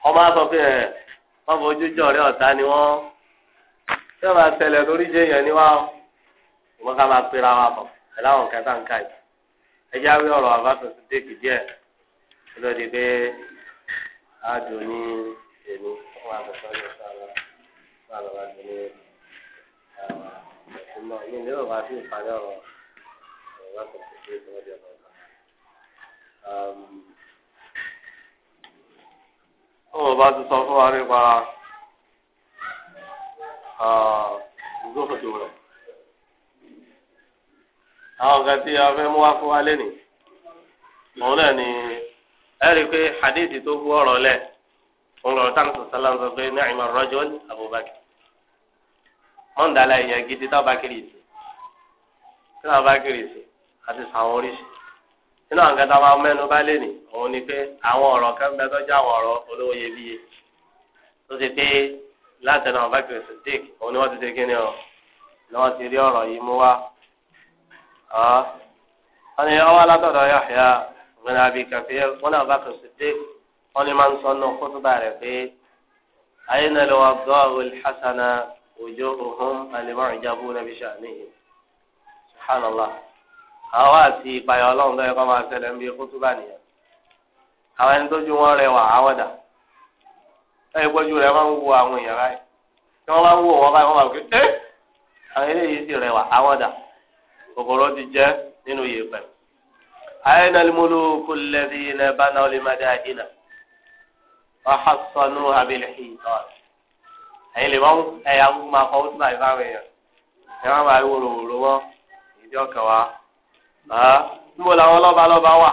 ọmọ àgbà pé ẹ wọn bọ ojújọ rẹ ọta ni wọn ṣé máa tẹ́lẹ̀ lórí jẹ èèyàn níwá o wọn ká máa pera kẹta yìí ẹ àádùn ní èmi fún àgùntàn ní sábà fún àlọ́ àdùn ní ẹ̀sìn náà ní ìlérò bá fi ìpàdé ọ̀rọ̀ ọ̀rọ̀ láti ṣe é lọ́wọ́ ìjọba ọ̀gá. Ọmọ bá ti sọ fún wa nípa ìgbókòtò rẹ̀. Àwọn kan tí a fẹ́ mú wá fún wa lénìí, òun náà ni. e pé hadithi tó bu ọ̀rọ̀ lẹ̀ ńlọrọ̀ táwọn sọ̀sọ́lá sọ pé ní àìmọ̀ rọ́jò Abubakar mọ́ndàlá èèyàn gidi táwọn bá kiri ìsìn tí táwọn bá kiri ìsìn àti sàwọn oríṣi nínú àwọn kan táwọn mẹ́nu bá lé ní òun ni pé àwọn ọ̀rọ̀ kan bẹ tó àwọn olówó ti pé òun ni ti ni ti rí yìí mú ìgbẹ́ni àbí kàfé wọn náà bá kàṣí dé wọn ni máa ń sọ ọ́nà kótóbà rẹ̀ pé ayé náà lọ́wọ́ gbọ́ olùhásánà òjò òhun àlèmọ́ ìjábọ̀ nàbí sàníyìn subhanallah àwọn àti ìpayọ̀ ọlọ́run lọ́yẹ̀ kọ́ máa ṣẹlẹ̀ ń bí kótóbà nìyẹn àwọn ẹni tójú wọn rẹwà àwọ̀dà ẹ̀ gbọ́jú rẹ̀ máa ń wo àwọn èèyàn báyìí tí wọ́n bá ń wò wọ́n báyìí wọ́n máa fi ẹ́ àwọn eléyìí sì rẹwà àwọ̀dà kòkòrò ti jẹ́ nínú yèèpẹ̀ أين الملوك الذين بنوا لمدائنا وحصنوها بالحيطان ẹ̀yin lè máa ń ẹyà ń máa kọ ọdún láì fáwọn èèyàn ẹ máa máa wòrò wòrò wọn ìdí ọkàn wa níbo làwọn lọ́ba lọ́ba wà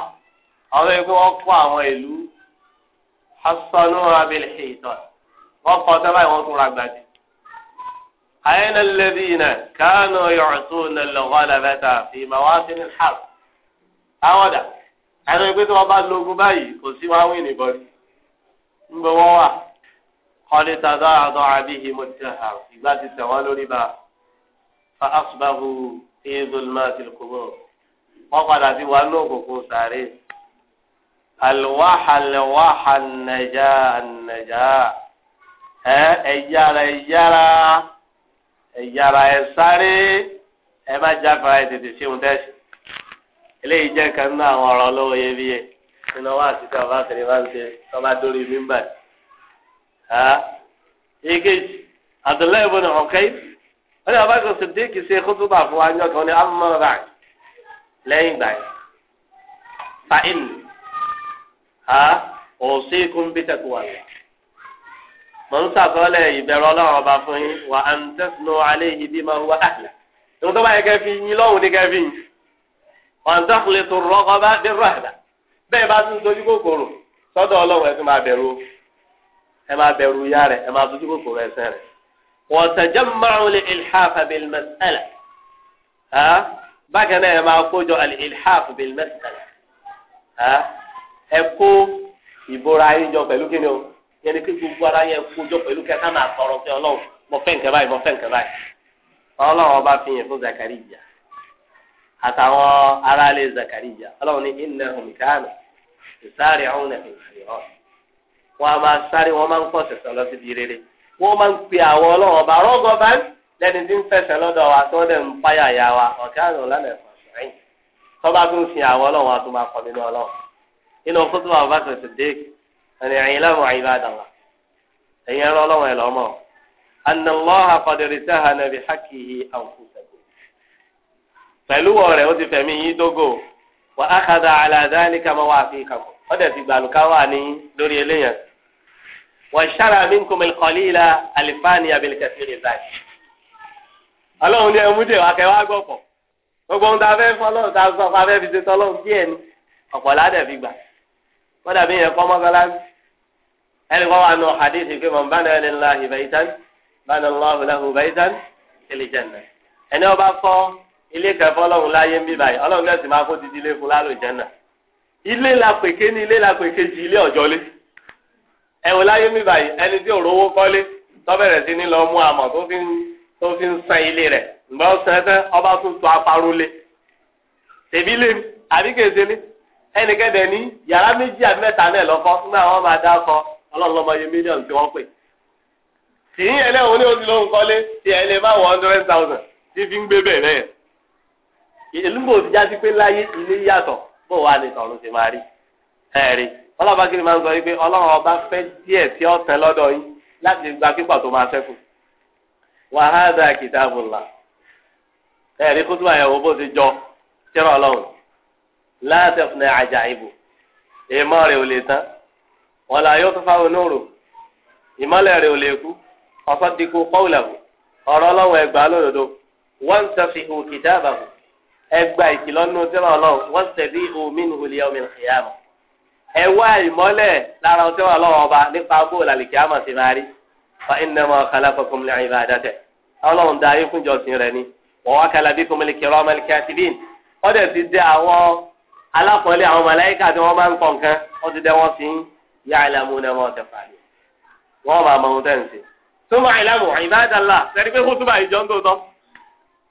àwọn ẹgbẹ́ wọn kọ́ àwọn ìlú hasanu abil hitan wọn kọ́ sábà wọn tún ra gbàdì. àyẹ̀nà lẹ́bí iná kánú yọ̀ọ̀tún lọ́wọ́ làbẹ́ta fi màwá sínú hàlù àwọn ọ̀dà àti ẹgbẹ́ tí wọ́n bá lo ogun báyìí kò sí wọn wí nìbọn rí ńgbọ wọn wà kọ́ni tàdá àdán àbíhì mo ti hà ìgbà ti tẹ̀ wọ́n lórí bá fa asubahu fi zulma tilkubo wọ́n padà sí wa ní òkùnkùn sàárè alwaha alwaha nàjà nàjà ẹ ẹ yára ẹ yára ẹ yára ẹ sáré ẹ má jáfara ẹ tètè ṣéun tẹ́sí eléyìí jẹ́ kan náà àwọn ọ̀rọ̀ lọ́wọ́ yẹ bí yẹ nínú wá àti sábà tẹ̀lé máa ń ṣe tọ́ba dórí mímbà èkejì Abdullahi ibn Uqayb wọ́n ní abákan Siddiq ṣe kótóbà fún wa ní ọ̀kan ní amúnmọ́ra lẹ́yìn ìgbà yẹn fa'in ọ̀sẹ̀kùn bítẹ̀kù wà lẹ́yìn mọ̀ ń sàkọọ́lẹ̀ ìbẹ̀rù ọlọ́run ọba fún yín wà á ń tẹ̀sán aléyìí bí máa wà áhìlá ìwọ̀n tó bá kẹ́ fi yín lọ́hùn ní kẹ́ fi yín ọ̀nzọ́kùnrin tó rọ́gọ́ bá dé rọ́ọ̀dà bẹ́ẹ̀ bá tún dojú kòkòrò sọ́dọ̀ ọlọ́run ẹ tún máa bẹ̀rù ẹ máa bẹ̀rù ìyá rẹ̀ ẹ máa dojú kòkòrò ẹsẹ̀ rẹ̀ wọ́n tẹ̀jẹ́ márùn lè ilhaafa bil mas'ala bákan náà ẹ máa kójọ al ilhaafa bil mas'ala ẹ kó ìbora yín jọ pẹ̀lú kí ni o yẹn ni kí gbogbo ara yẹn kójọ pẹ̀lú kẹta máa tọrọ fún ọlọ́run mo báyìí mo báyìí ọlọ́run ọba fi yẹn fún Zakariya. àtàwọn aráàlú zakariya ọlọ́run ní innahum kanu yusari'una fil khairat wọn a máa sáré wọn máa ń pọ̀ lọ síbi rere wọn máa ń pe àwọn ọlọ́run ọba rọ́gọ̀ bá lẹ́ni tí ń fẹsẹ̀ lọ́dọ̀ wa tí dẹ̀ ń páyà fi àwọn ọlọ́run àti máa kọ́ nínú ọlọ́run nínú kótó àwọn bá pẹ̀lú wọ̀ rẹ̀ ó ti fẹ̀mí yín dógò wà á kàdà àlàdáni kàmá wà fi kàkọ́ ó dẹ̀ ti gbàlùkà wà ní lórí eléyàn wà sára mi ń kọmọ ìkọ̀lì ìlà àlìfáàní abilékẹ́sì rẹ̀ báyìí. ọlọ́run ní ẹmu dé wàá kẹwàá gbọ̀pọ̀ gbogbo ohun tá a fẹ́ fọ́ ọlọ́run tá a sọ fún a fi ṣe tọ́lọ́run díẹ̀ ni ọ̀pọ̀ ládẹ̀ fi gbà wọ́n dàbí yẹn kọ́ mọ́sálásí ẹni kọ́ wà nù hadithi pé mọ̀ ilé kẹfọ ọlọ́run láyé ń bí báyìí ọlọ́run náà sì máa kó didi ilé fún ilé la pèké ní ilé la pèké ju ilé ọjọlé ẹwọ láyé ń bí báyìí ẹni tí òrówó kọ́lé tọ́bẹ̀rẹ̀ sí ní lọ mú tó fi ń tó fi ń san ilé rẹ̀ ọba tún tèmi lé mi àbí kèsè ẹnikẹ́dẹ̀ ní yàrá méjì àbí mẹ́ta náà lọ́kọ́ ọlọ́run lọ́mọ mílíọ̀nù tí wọ́n pè ìlúgbò ti já sí pé láyé ilé yàtọ̀ bó wà ní tọ̀run ti máa rí ẹ̀rí kiri ń sọ wípé ọlọ́run ọba fẹ́ díẹ̀ tí ó tẹ́ lọ́dọ̀ yín láti gba pípa tó máa fẹ́kù jọ kíra ọlọ́run fún àjà ìbò èèmọ́ rẹ̀ ò lè tán wọn là yóò rẹ̀ ò lè kú dikú ọ̀rọ̀ ọlọ́run ẹgbàá wọ́n ń hù ẹgbà ìkìlọ̀ nínú tí wọn lọ wọn tẹbi omi ní olè omi ìyàmù ẹ wá ìmọ́lẹ̀ lára tí wọn lọ ọba nípa bóòlù àlìkí àmọ sí máa rí fa iná mọ kálá fọkùn lẹ́yìn ìbá àdájẹ Ọlọ́run ayé fún jọsìn rẹ̀ ni wọn wá kálá bí kòmìlì kẹrọ ọmọlì kẹtìbín wọn dẹ ti dé àwọn alákọọlẹ àwọn màláíkà tí wọn máa ń kọ nǹkan wọn ti dẹ wọn sí yá ìlàmú náà wọn tẹ fàlẹ wọn máa mọ ohun tẹ ń ṣe. tó máa ìbá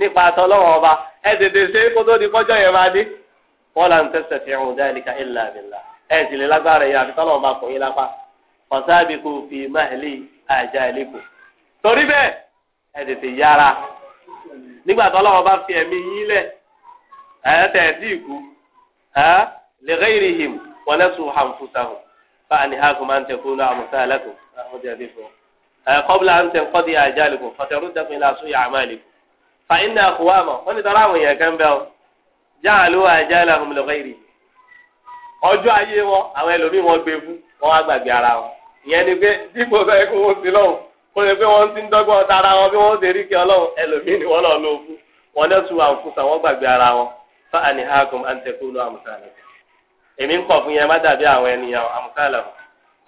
nípa aṣọ ọlọ́wọ́ ọba ẹ tètè ṣe kó tó di kọjọ́ yẹn máa dé wọ́n là ń tẹ̀sẹ̀ fi hàn dhalika illa billah ẹ sì lè lágbára yẹn àfi tọ́lọ́ ọba kò yín lápá fasabiqu fi mahli ajalikum torí bẹ́ẹ̀ ẹ tètè yára nígbà tọ́lọ́ ọba fi ẹ̀mí yín lẹ̀ ẹ̀ tẹ̀ ìkú ẹ̀ li ghayrihim wa fàyín náà kò wá mọ̀ wọ́n ní tọ́lá àwọn èèyàn kan bẹ́ẹ̀ o jáàlú àjálà ọmọlọ́kọ́ ìrì ọjọ́ ayé wọn àwọn ẹlòmíì wọn gbé fún wọn wá gbàgbé ara wọn ìyẹn ni pé dípò sọ ẹkú wọn sí lọ́hùn kó lè pé wọ́n ti ń tara wọn bí wọ́n ṣe rí kí ọlọ́hùn ẹlòmíì ni wọ́n lọ lò fún wọn náà tún àwọn fúnṣà wọn gbàgbé ara wọn fa àní hákùn àǹtẹ̀kùnú àmùsàlẹ̀ èmi ń kọ̀ fún yẹn má dàbí àwọn ènìyàn àmùsàlẹ̀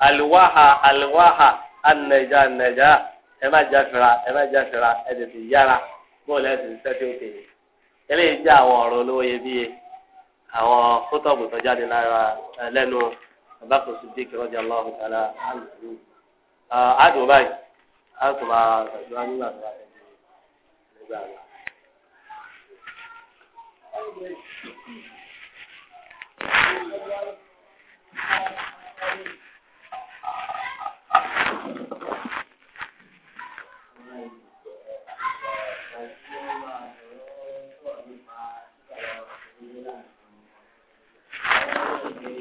àlùwáhà àlùwáhà ànàjà ànàjà ẹ má jáfẹ́ra ẹ má jáfẹ́ra ẹ tètè yára bóòlù ẹ̀sìn sẹ́tì òkè yìí eléyìí jẹ́ àwọn ọ̀rọ̀ olówó iyebíye àwọn fótọ́ọ̀bù tó jáde lára lẹ́nu abáko Siddiq radiyallahu ta'ala àlùfù àdùn báyìí àtùn máa gbàdúrà nígbà tó wà lẹ́nu nígbà náà. Thank you.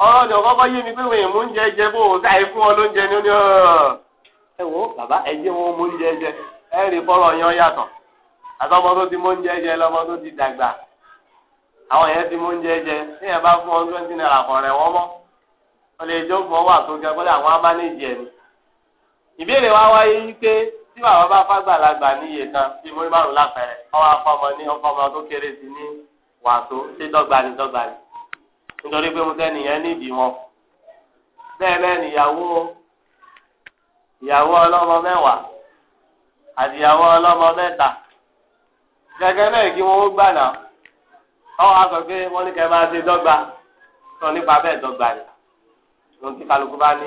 ọ̀rọ̀ ni yé mi pé wọ́n èèmú oúnjẹ jẹ bó o sáà fún ọ lóúnjẹ ní ọ̀rọ̀. ẹ wo bàbá ẹ jẹ́ wọn mú oúnjẹ jẹ ẹ rí bọ́rọ̀ yan yàtọ̀ àtọmọ tó ti mú oúnjẹ jẹ lọmọ tó ti dàgbà àwọn yẹn ti mú oúnjẹ jẹ ní ẹ bá fún ọ twenty naira kan rẹ wọ́n mọ́ ọ lè fún ọ wà tó gẹ kọ́lé àwọn abánijì ẹ̀ ìbéèrè wa wáyé wípé tí bàbá bá fàgbàlagbà ní iye kan bí mo ní ọkọ ọmọ tó kéré nítorí pé mo tẹ́nìyàn nídìí wọn bẹ́ẹ̀ bẹ́ẹ̀ níyàwó ìyàwó ọlọ́mọ mẹ́wàá àti ìyàwó ọlọ́mọ mẹ́ta gẹ́gẹ́ bẹ́ẹ̀ kí wọ́n gbà náà ọwọ́ a sọ pé wọ́n ní kẹ́ máa ṣe dọ́gba sọ nípa bẹ́ẹ̀ dọ́gba ni lóun tí kálukú bá ní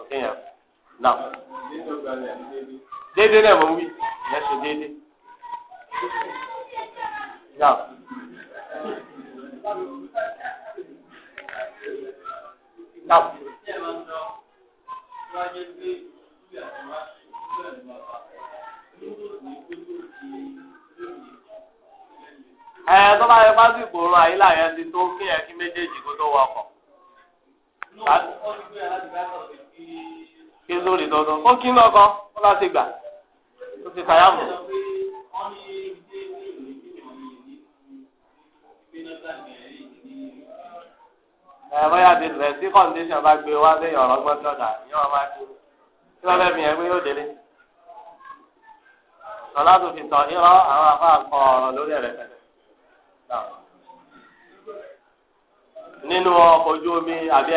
òkèèyàn náà. déédéé náà mo ń wí ìyẹn déédéé. náà. láwùjọ. ẹ tó bá yẹ fásitì ìgboro àyílà yẹn ti tó kí ẹ kí méjèèjì kó tó wọkọ̀. kí lórí dandan ó kí lọ́kọ́ ó láti gbà ó ti ẹ bóyá di rẹ̀ sí kọ́ndíṣàn bá gbé wá lẹ́yìn ọ̀rọ̀ gbọ́dọ̀ dà ní wọn máa kí wọ́n bẹ́ẹ̀ mi ẹ yóò délé. sọlá tó fi tọ̀ irọ́ àwọn afá kọ ọ̀rọ̀ lórí ẹ̀rẹ̀ pẹ̀lẹ́. nínú ọkọ̀ ojú omi àbí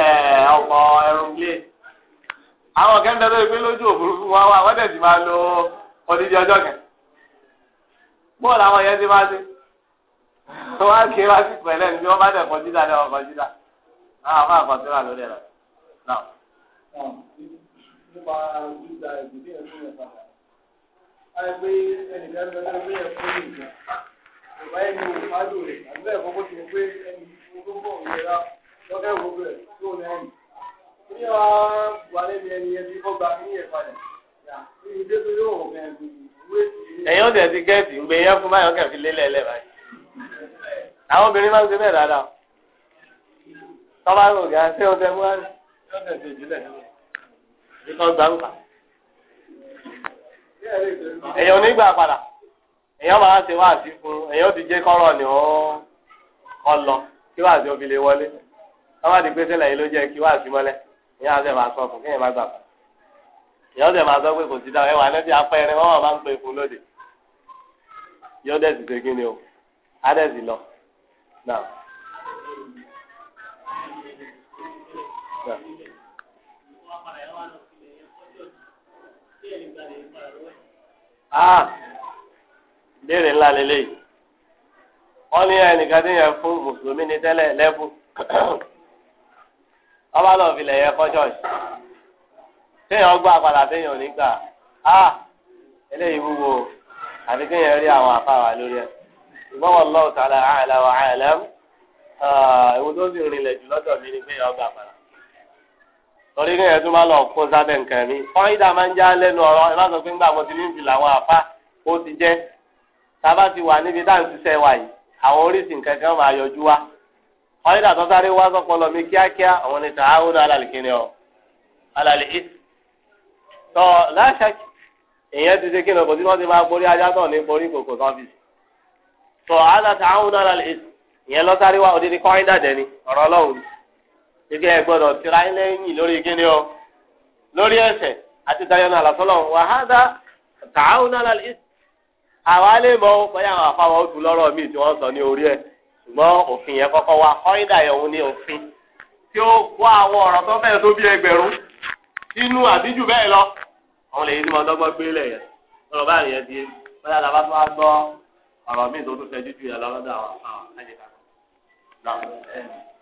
ọkọ̀ ẹrùnplé àwọn kẹ́ńtẹ́ tó gbé lójú òfurufú wá wá wọ́n tẹ̀sí máa lo odidi ọjọ́ kan. bóòlù àwọn yẹn ti máa ṣe. wọ́n á ké wá sí pẹ̀lẹ́ ní bí wọ́n bá dẹ̀ kọjú dáadáa kọjú dáadáa àwọn afọ àkọsí wà lórí rẹ̀ náà. Hmm. nípa gbígba ìdílé ẹ̀fọ́ yẹn padà ayé pé ẹnìkan ló ń gbé ẹ̀fọ́ yìí jẹ ìgbà yẹn ni òun fájú rẹ̀ àbí bẹ́ẹ̀ kọ́kọ́ ti pé ẹni tó bọ̀ ń yẹra lọ́kẹ́ wo bẹ̀ tó lẹ́yìn. ó ní wàá wà lẹ́nu ẹni yẹn tí kò gba ní ẹ̀fọ́ yẹn ní ìdí tó yóò wọ̀ bẹ́ẹ̀ ẹ̀yin ọ̀dẹ̀ ti gẹ́ẹ̀tì ń gbé yẹn fún báyọ̀ kẹ́ẹ̀ fi báyìí àwọn obìnrin máa ń ṣe bẹ́ẹ̀ dáadáa tọ́ba rò gà ṣé ọdẹ mú wá ọdẹ ṣe ìjìnlẹ̀ nípa gbàrúkà. èèyàn onígbà padà èèyàn máa ṣe wáàsí fún èèyàn ti jẹ́ kọ́rọ̀ ni ó lọ kí wáàsí òbí lè wọlé tọ́ba ti gbé sílẹ̀ yìí ló jẹ́ kí wáàsí mọ́lẹ̀ èèyàn á sẹ́ máa sọ fún kéèyàn má gbà fún èèyàn sẹ́ máa sọ pé kò sí dáhùn ẹwà lẹ́bí apẹ́rẹ́ wọ́n máa ń pè fún lóde yóò dẹ̀ sì ṣe kí ni o á dẹ̀ sì lọ náà. Ah, béèrè ńlá lélẹ́yìí wọ́n ní ẹnìkan tí yẹn fún mùsùlùmí ní tẹ́lẹ̀ lẹ́bù ọba lọ fi lẹ̀yẹ kọ́ ṣọ́ọ̀ṣì téèyàn gbọ́ àpàlà téèyàn nígbà á ah, eléyìí wúwo àti kéèyàn rí àwọn àfáwà lórí wọn lọ́wọ́ àìlẹ́m ìwọ́n tó rìnlẹ̀ jù mi ni kéèyàn àpàlà. torí ní ẹ̀dùn máa lọ kó sábẹ́ nǹkan mi fọ́nìdà máa ń já lẹ́nu ọ̀rọ̀ ẹ má sọ pé ńgbà mo ti ní ìfìlà àwọn àfa ó ti jẹ́ tábà ti wà níbi tá à ń ṣiṣẹ́ wa yìí àwọn oríṣi nǹkan kan máa yọjú wa fọ́nìdà tó sáré wá sọpọlọ mi kíákíá àwọn ní tàn áhùn alàlì kìíní ọ alàlì is tọ láṣà ìyẹn ti ṣe kí ni kò sí wọn ti máa borí ajá náà ní borí kòkò tán fi tọ àdàtà áhùn alàlì is ìyẹn lọ sáré wá òdìdí kọ́ńdà dẹni ibi ẹ gbọ́dọ̀ tira ẹ lẹ́yìn lórí kíni o lórí ẹsẹ̀ àti dayọnà àlàsọlọ wàhádà tààwọn nàlà àwa lè mọ bóyá àwọn afáwọn ojú lọ́rọ̀ míì tí wọ́n sọ ní orí ẹ ṣùgbọ́n òfin yẹn kọ́kọ́ wa kọńdà yẹn òun ní òfin tí ó kó àwọn ọ̀rọ̀ tó fẹ́ẹ̀ tó bí ẹgbẹ̀rún sínú àbíjù bẹ́ẹ̀ lọ àwọn lè yí ni mo dọ́gbọ́n gbé lẹ yẹn ọ̀rọ̀ míì tó tún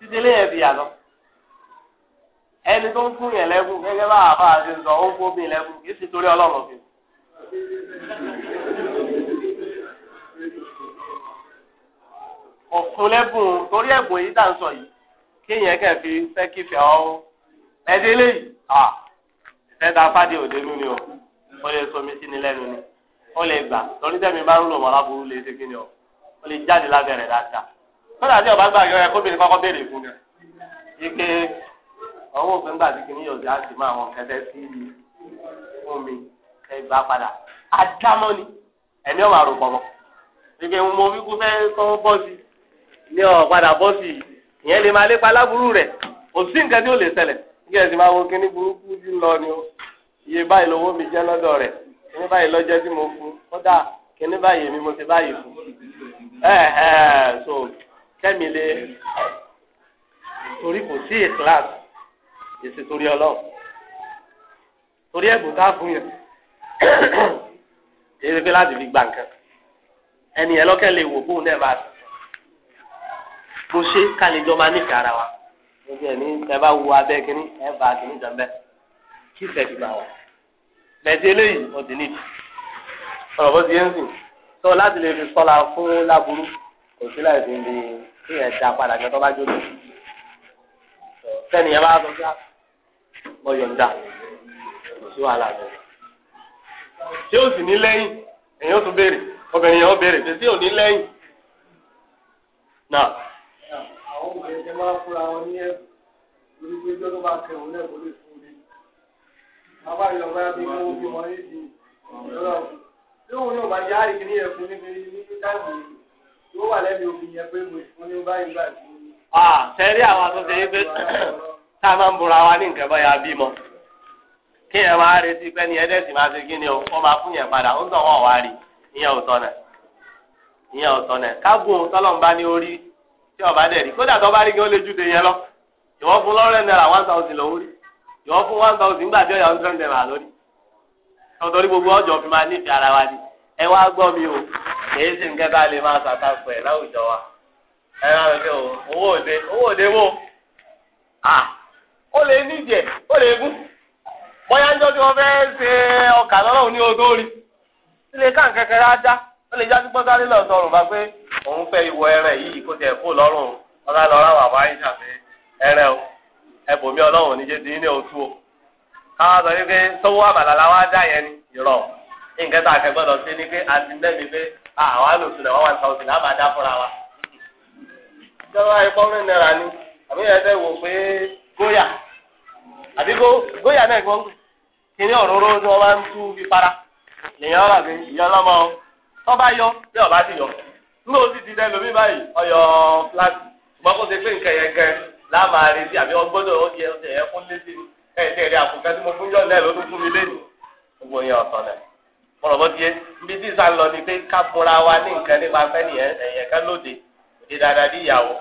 títí lè fi yàtọ̀ ẹni tó ń fún yẹn lẹ́kùn gẹ́gẹ́ bá àbá àti sọ ó ń fún mi lẹ́kùn kì í sì torí ọlọ́run fi. ọ̀fun lẹ́bùn torí ẹ̀bùn èyí tá à ń sọ yìí kéèyàn kẹ́ fi sẹ́kì fẹ́ ọ́ ẹdí léyìí à ìfẹ́ta fàdé òde nínú o ó lè sọmi sí ni lẹ́nu ni ó lè gbà torí tẹ̀mí bá ń lò wọ́n láburú lè ṣe kí ni o ó lè jáde lábẹ́rẹ́ dáadáa kọ́lá tí ọba gbà yọ ẹ kóbìnrin kọ́kọ́ béèrè fún mi ike ọwọ́ òfin gbà tí kìíní yọ̀dí àti mọ àwọn kẹtẹ sí mi fún mi ẹ gbà padà àdámọ́ ni ẹ̀mí ọ̀wà rò pọ̀ ike mo fi kú fẹ́ kọ́ bọ́ọ̀sì ní ọ̀ bọ́ọ̀sì ìyẹn lè máa lépa láburú rẹ̀ kò sí nǹkan tí ó lè ṣẹlẹ̀ nígbà tí máa wo kíní burúkú ti lọ ni o iye báyìí lówó mi jẹ́ lọ́dọ̀ rẹ̀ kíní báyìí lọ́jọ́ tí mo fún kódà kíní báyìí mi mo ti báyìí fún ẹ̀ẹ́ so kẹ́mi lé torí kò sí ìkíláàsì èsì torí ọlọ́run torí ẹ̀bùn tá a fún yẹn èyí pé láti fi gbà nǹkan ẹni ẹ lọ́kẹ́ lè wò bóun náà máa sùn mo ṣe kálíjọ́ máa nífẹ̀ẹ́ ara wa lójú ẹ̀mí ẹ bá wo abẹ́ kínní ẹ bá kínní jọ mbẹ́ kí ìfẹ́ fi máa wà bẹ̀ẹ́dì eléyìí ọ̀dì níbi ọ̀rọ̀ bó ti yé ń sìn sọ láti lè fi sọ́la fún láburú kò sí láì fi lè kí ẹ̀ da padà kí ẹ tó bá jó lójú sẹ́ni ẹ bá sọ sí ah, mo yọ̀ǹda kò sí wàhálà lọ. ṣé o sì ní lẹ́yìn èyí ó tún béèrè obìnrin yẹn ó béèrè ṣé o ní lẹ́yìn náà. àwọn obìnrin ṣe máa ń fúnra wọn ní ẹ̀bùn lórí pé jọ́ tó bá kẹ òun náà kó lè fún un ní. bàbá yìí ọba yà bí wọ́n fi wọn ní ìdí ìrọ̀lọ́. lóhùn náà bàjẹ́ àìkí ní ẹ̀kún níbi ní táìmù yìí. a máa ń bora wa ní nǹkan báyà bímọ kí ẹ máa retí ni máa fún yẹn padà ó ń tọ̀ wọ́n wá rí ìyẹn ò ìyẹn ò ní orí tí ọba dẹ̀ rí kódà tó bá rí kí ó lè yẹn lọ ìwọ fún náírà one thousand lòún rí ìwọ fún one thousand gbogbo ọjọ́ fi máa nífẹ̀ẹ́ ara wa ni mi o kìí sì ń kẹta lè máa ṣàtàkùn ẹ̀ láwùjọ wa ẹ máa owó òde owó òde wo ó lè níjẹ̀ ó lè gún bóyá ńjọ́ tí wọ́n fẹ́ ṣe ọkà lọ́lọ́run ní odó rí sílé káà nkẹkẹrẹ á ó lè jásí pọ́n sáré lọ sọ̀rùn bá pé òun fẹ́ ìwọ ẹran yìí kó tiẹ̀ kó lọ́rùn ọ̀gá lọ o ẹbùnmí ọlọ́run ti ní oṣù o káwọn sọ àbàlà làwọn yẹn ni ìrọ̀ nǹkan Ah, àwọn alòsùn náà one thousand àbá dá fúnra wa. ìjọba ìpọ́nrín náírà ni àbí ẹ̀ẹ́dẹ́ wò pé góyà àbí góyà náà gbọ́n kíní òróró tí wọ́n bá ń tú fi para mi ọlọ́mọ bá yọ bí ọba ti yọ ti dẹ́nu mi báyìí ọyọ ṣùgbọ́n kó ṣe pé nǹkan yẹn gan láàmà àbí ọgbọ́dọ̀ fún tí mo fún yọ̀ náà ló tún fún mi lé mọ̀lọ́bọ̀ tiẹ̀ níbi tí ìsà lọ ni pé ká fúnra wa ní nǹkan nípa fẹ́ni ẹ̀yẹ̀ ká lóde òde dáadáa bí ìyàwó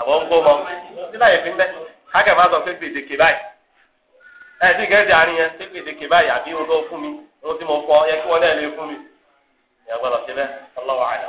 àbọ̀ ń gbó mọ́ nígbà yẹn fi ń bẹ́ kákẹ́ máa sọ pé gbèdéke báyìí ẹ̀ tí gẹ́gẹ́ di àárín yẹn pé gbèdéke báyìí àbí ohun tó fún mi ohun tí mo fọ yẹ kí wọ́n náà lè fún mi ìyàgbọ́n lọ sí bẹ́ẹ̀ ọlọ́wọ́ àdá.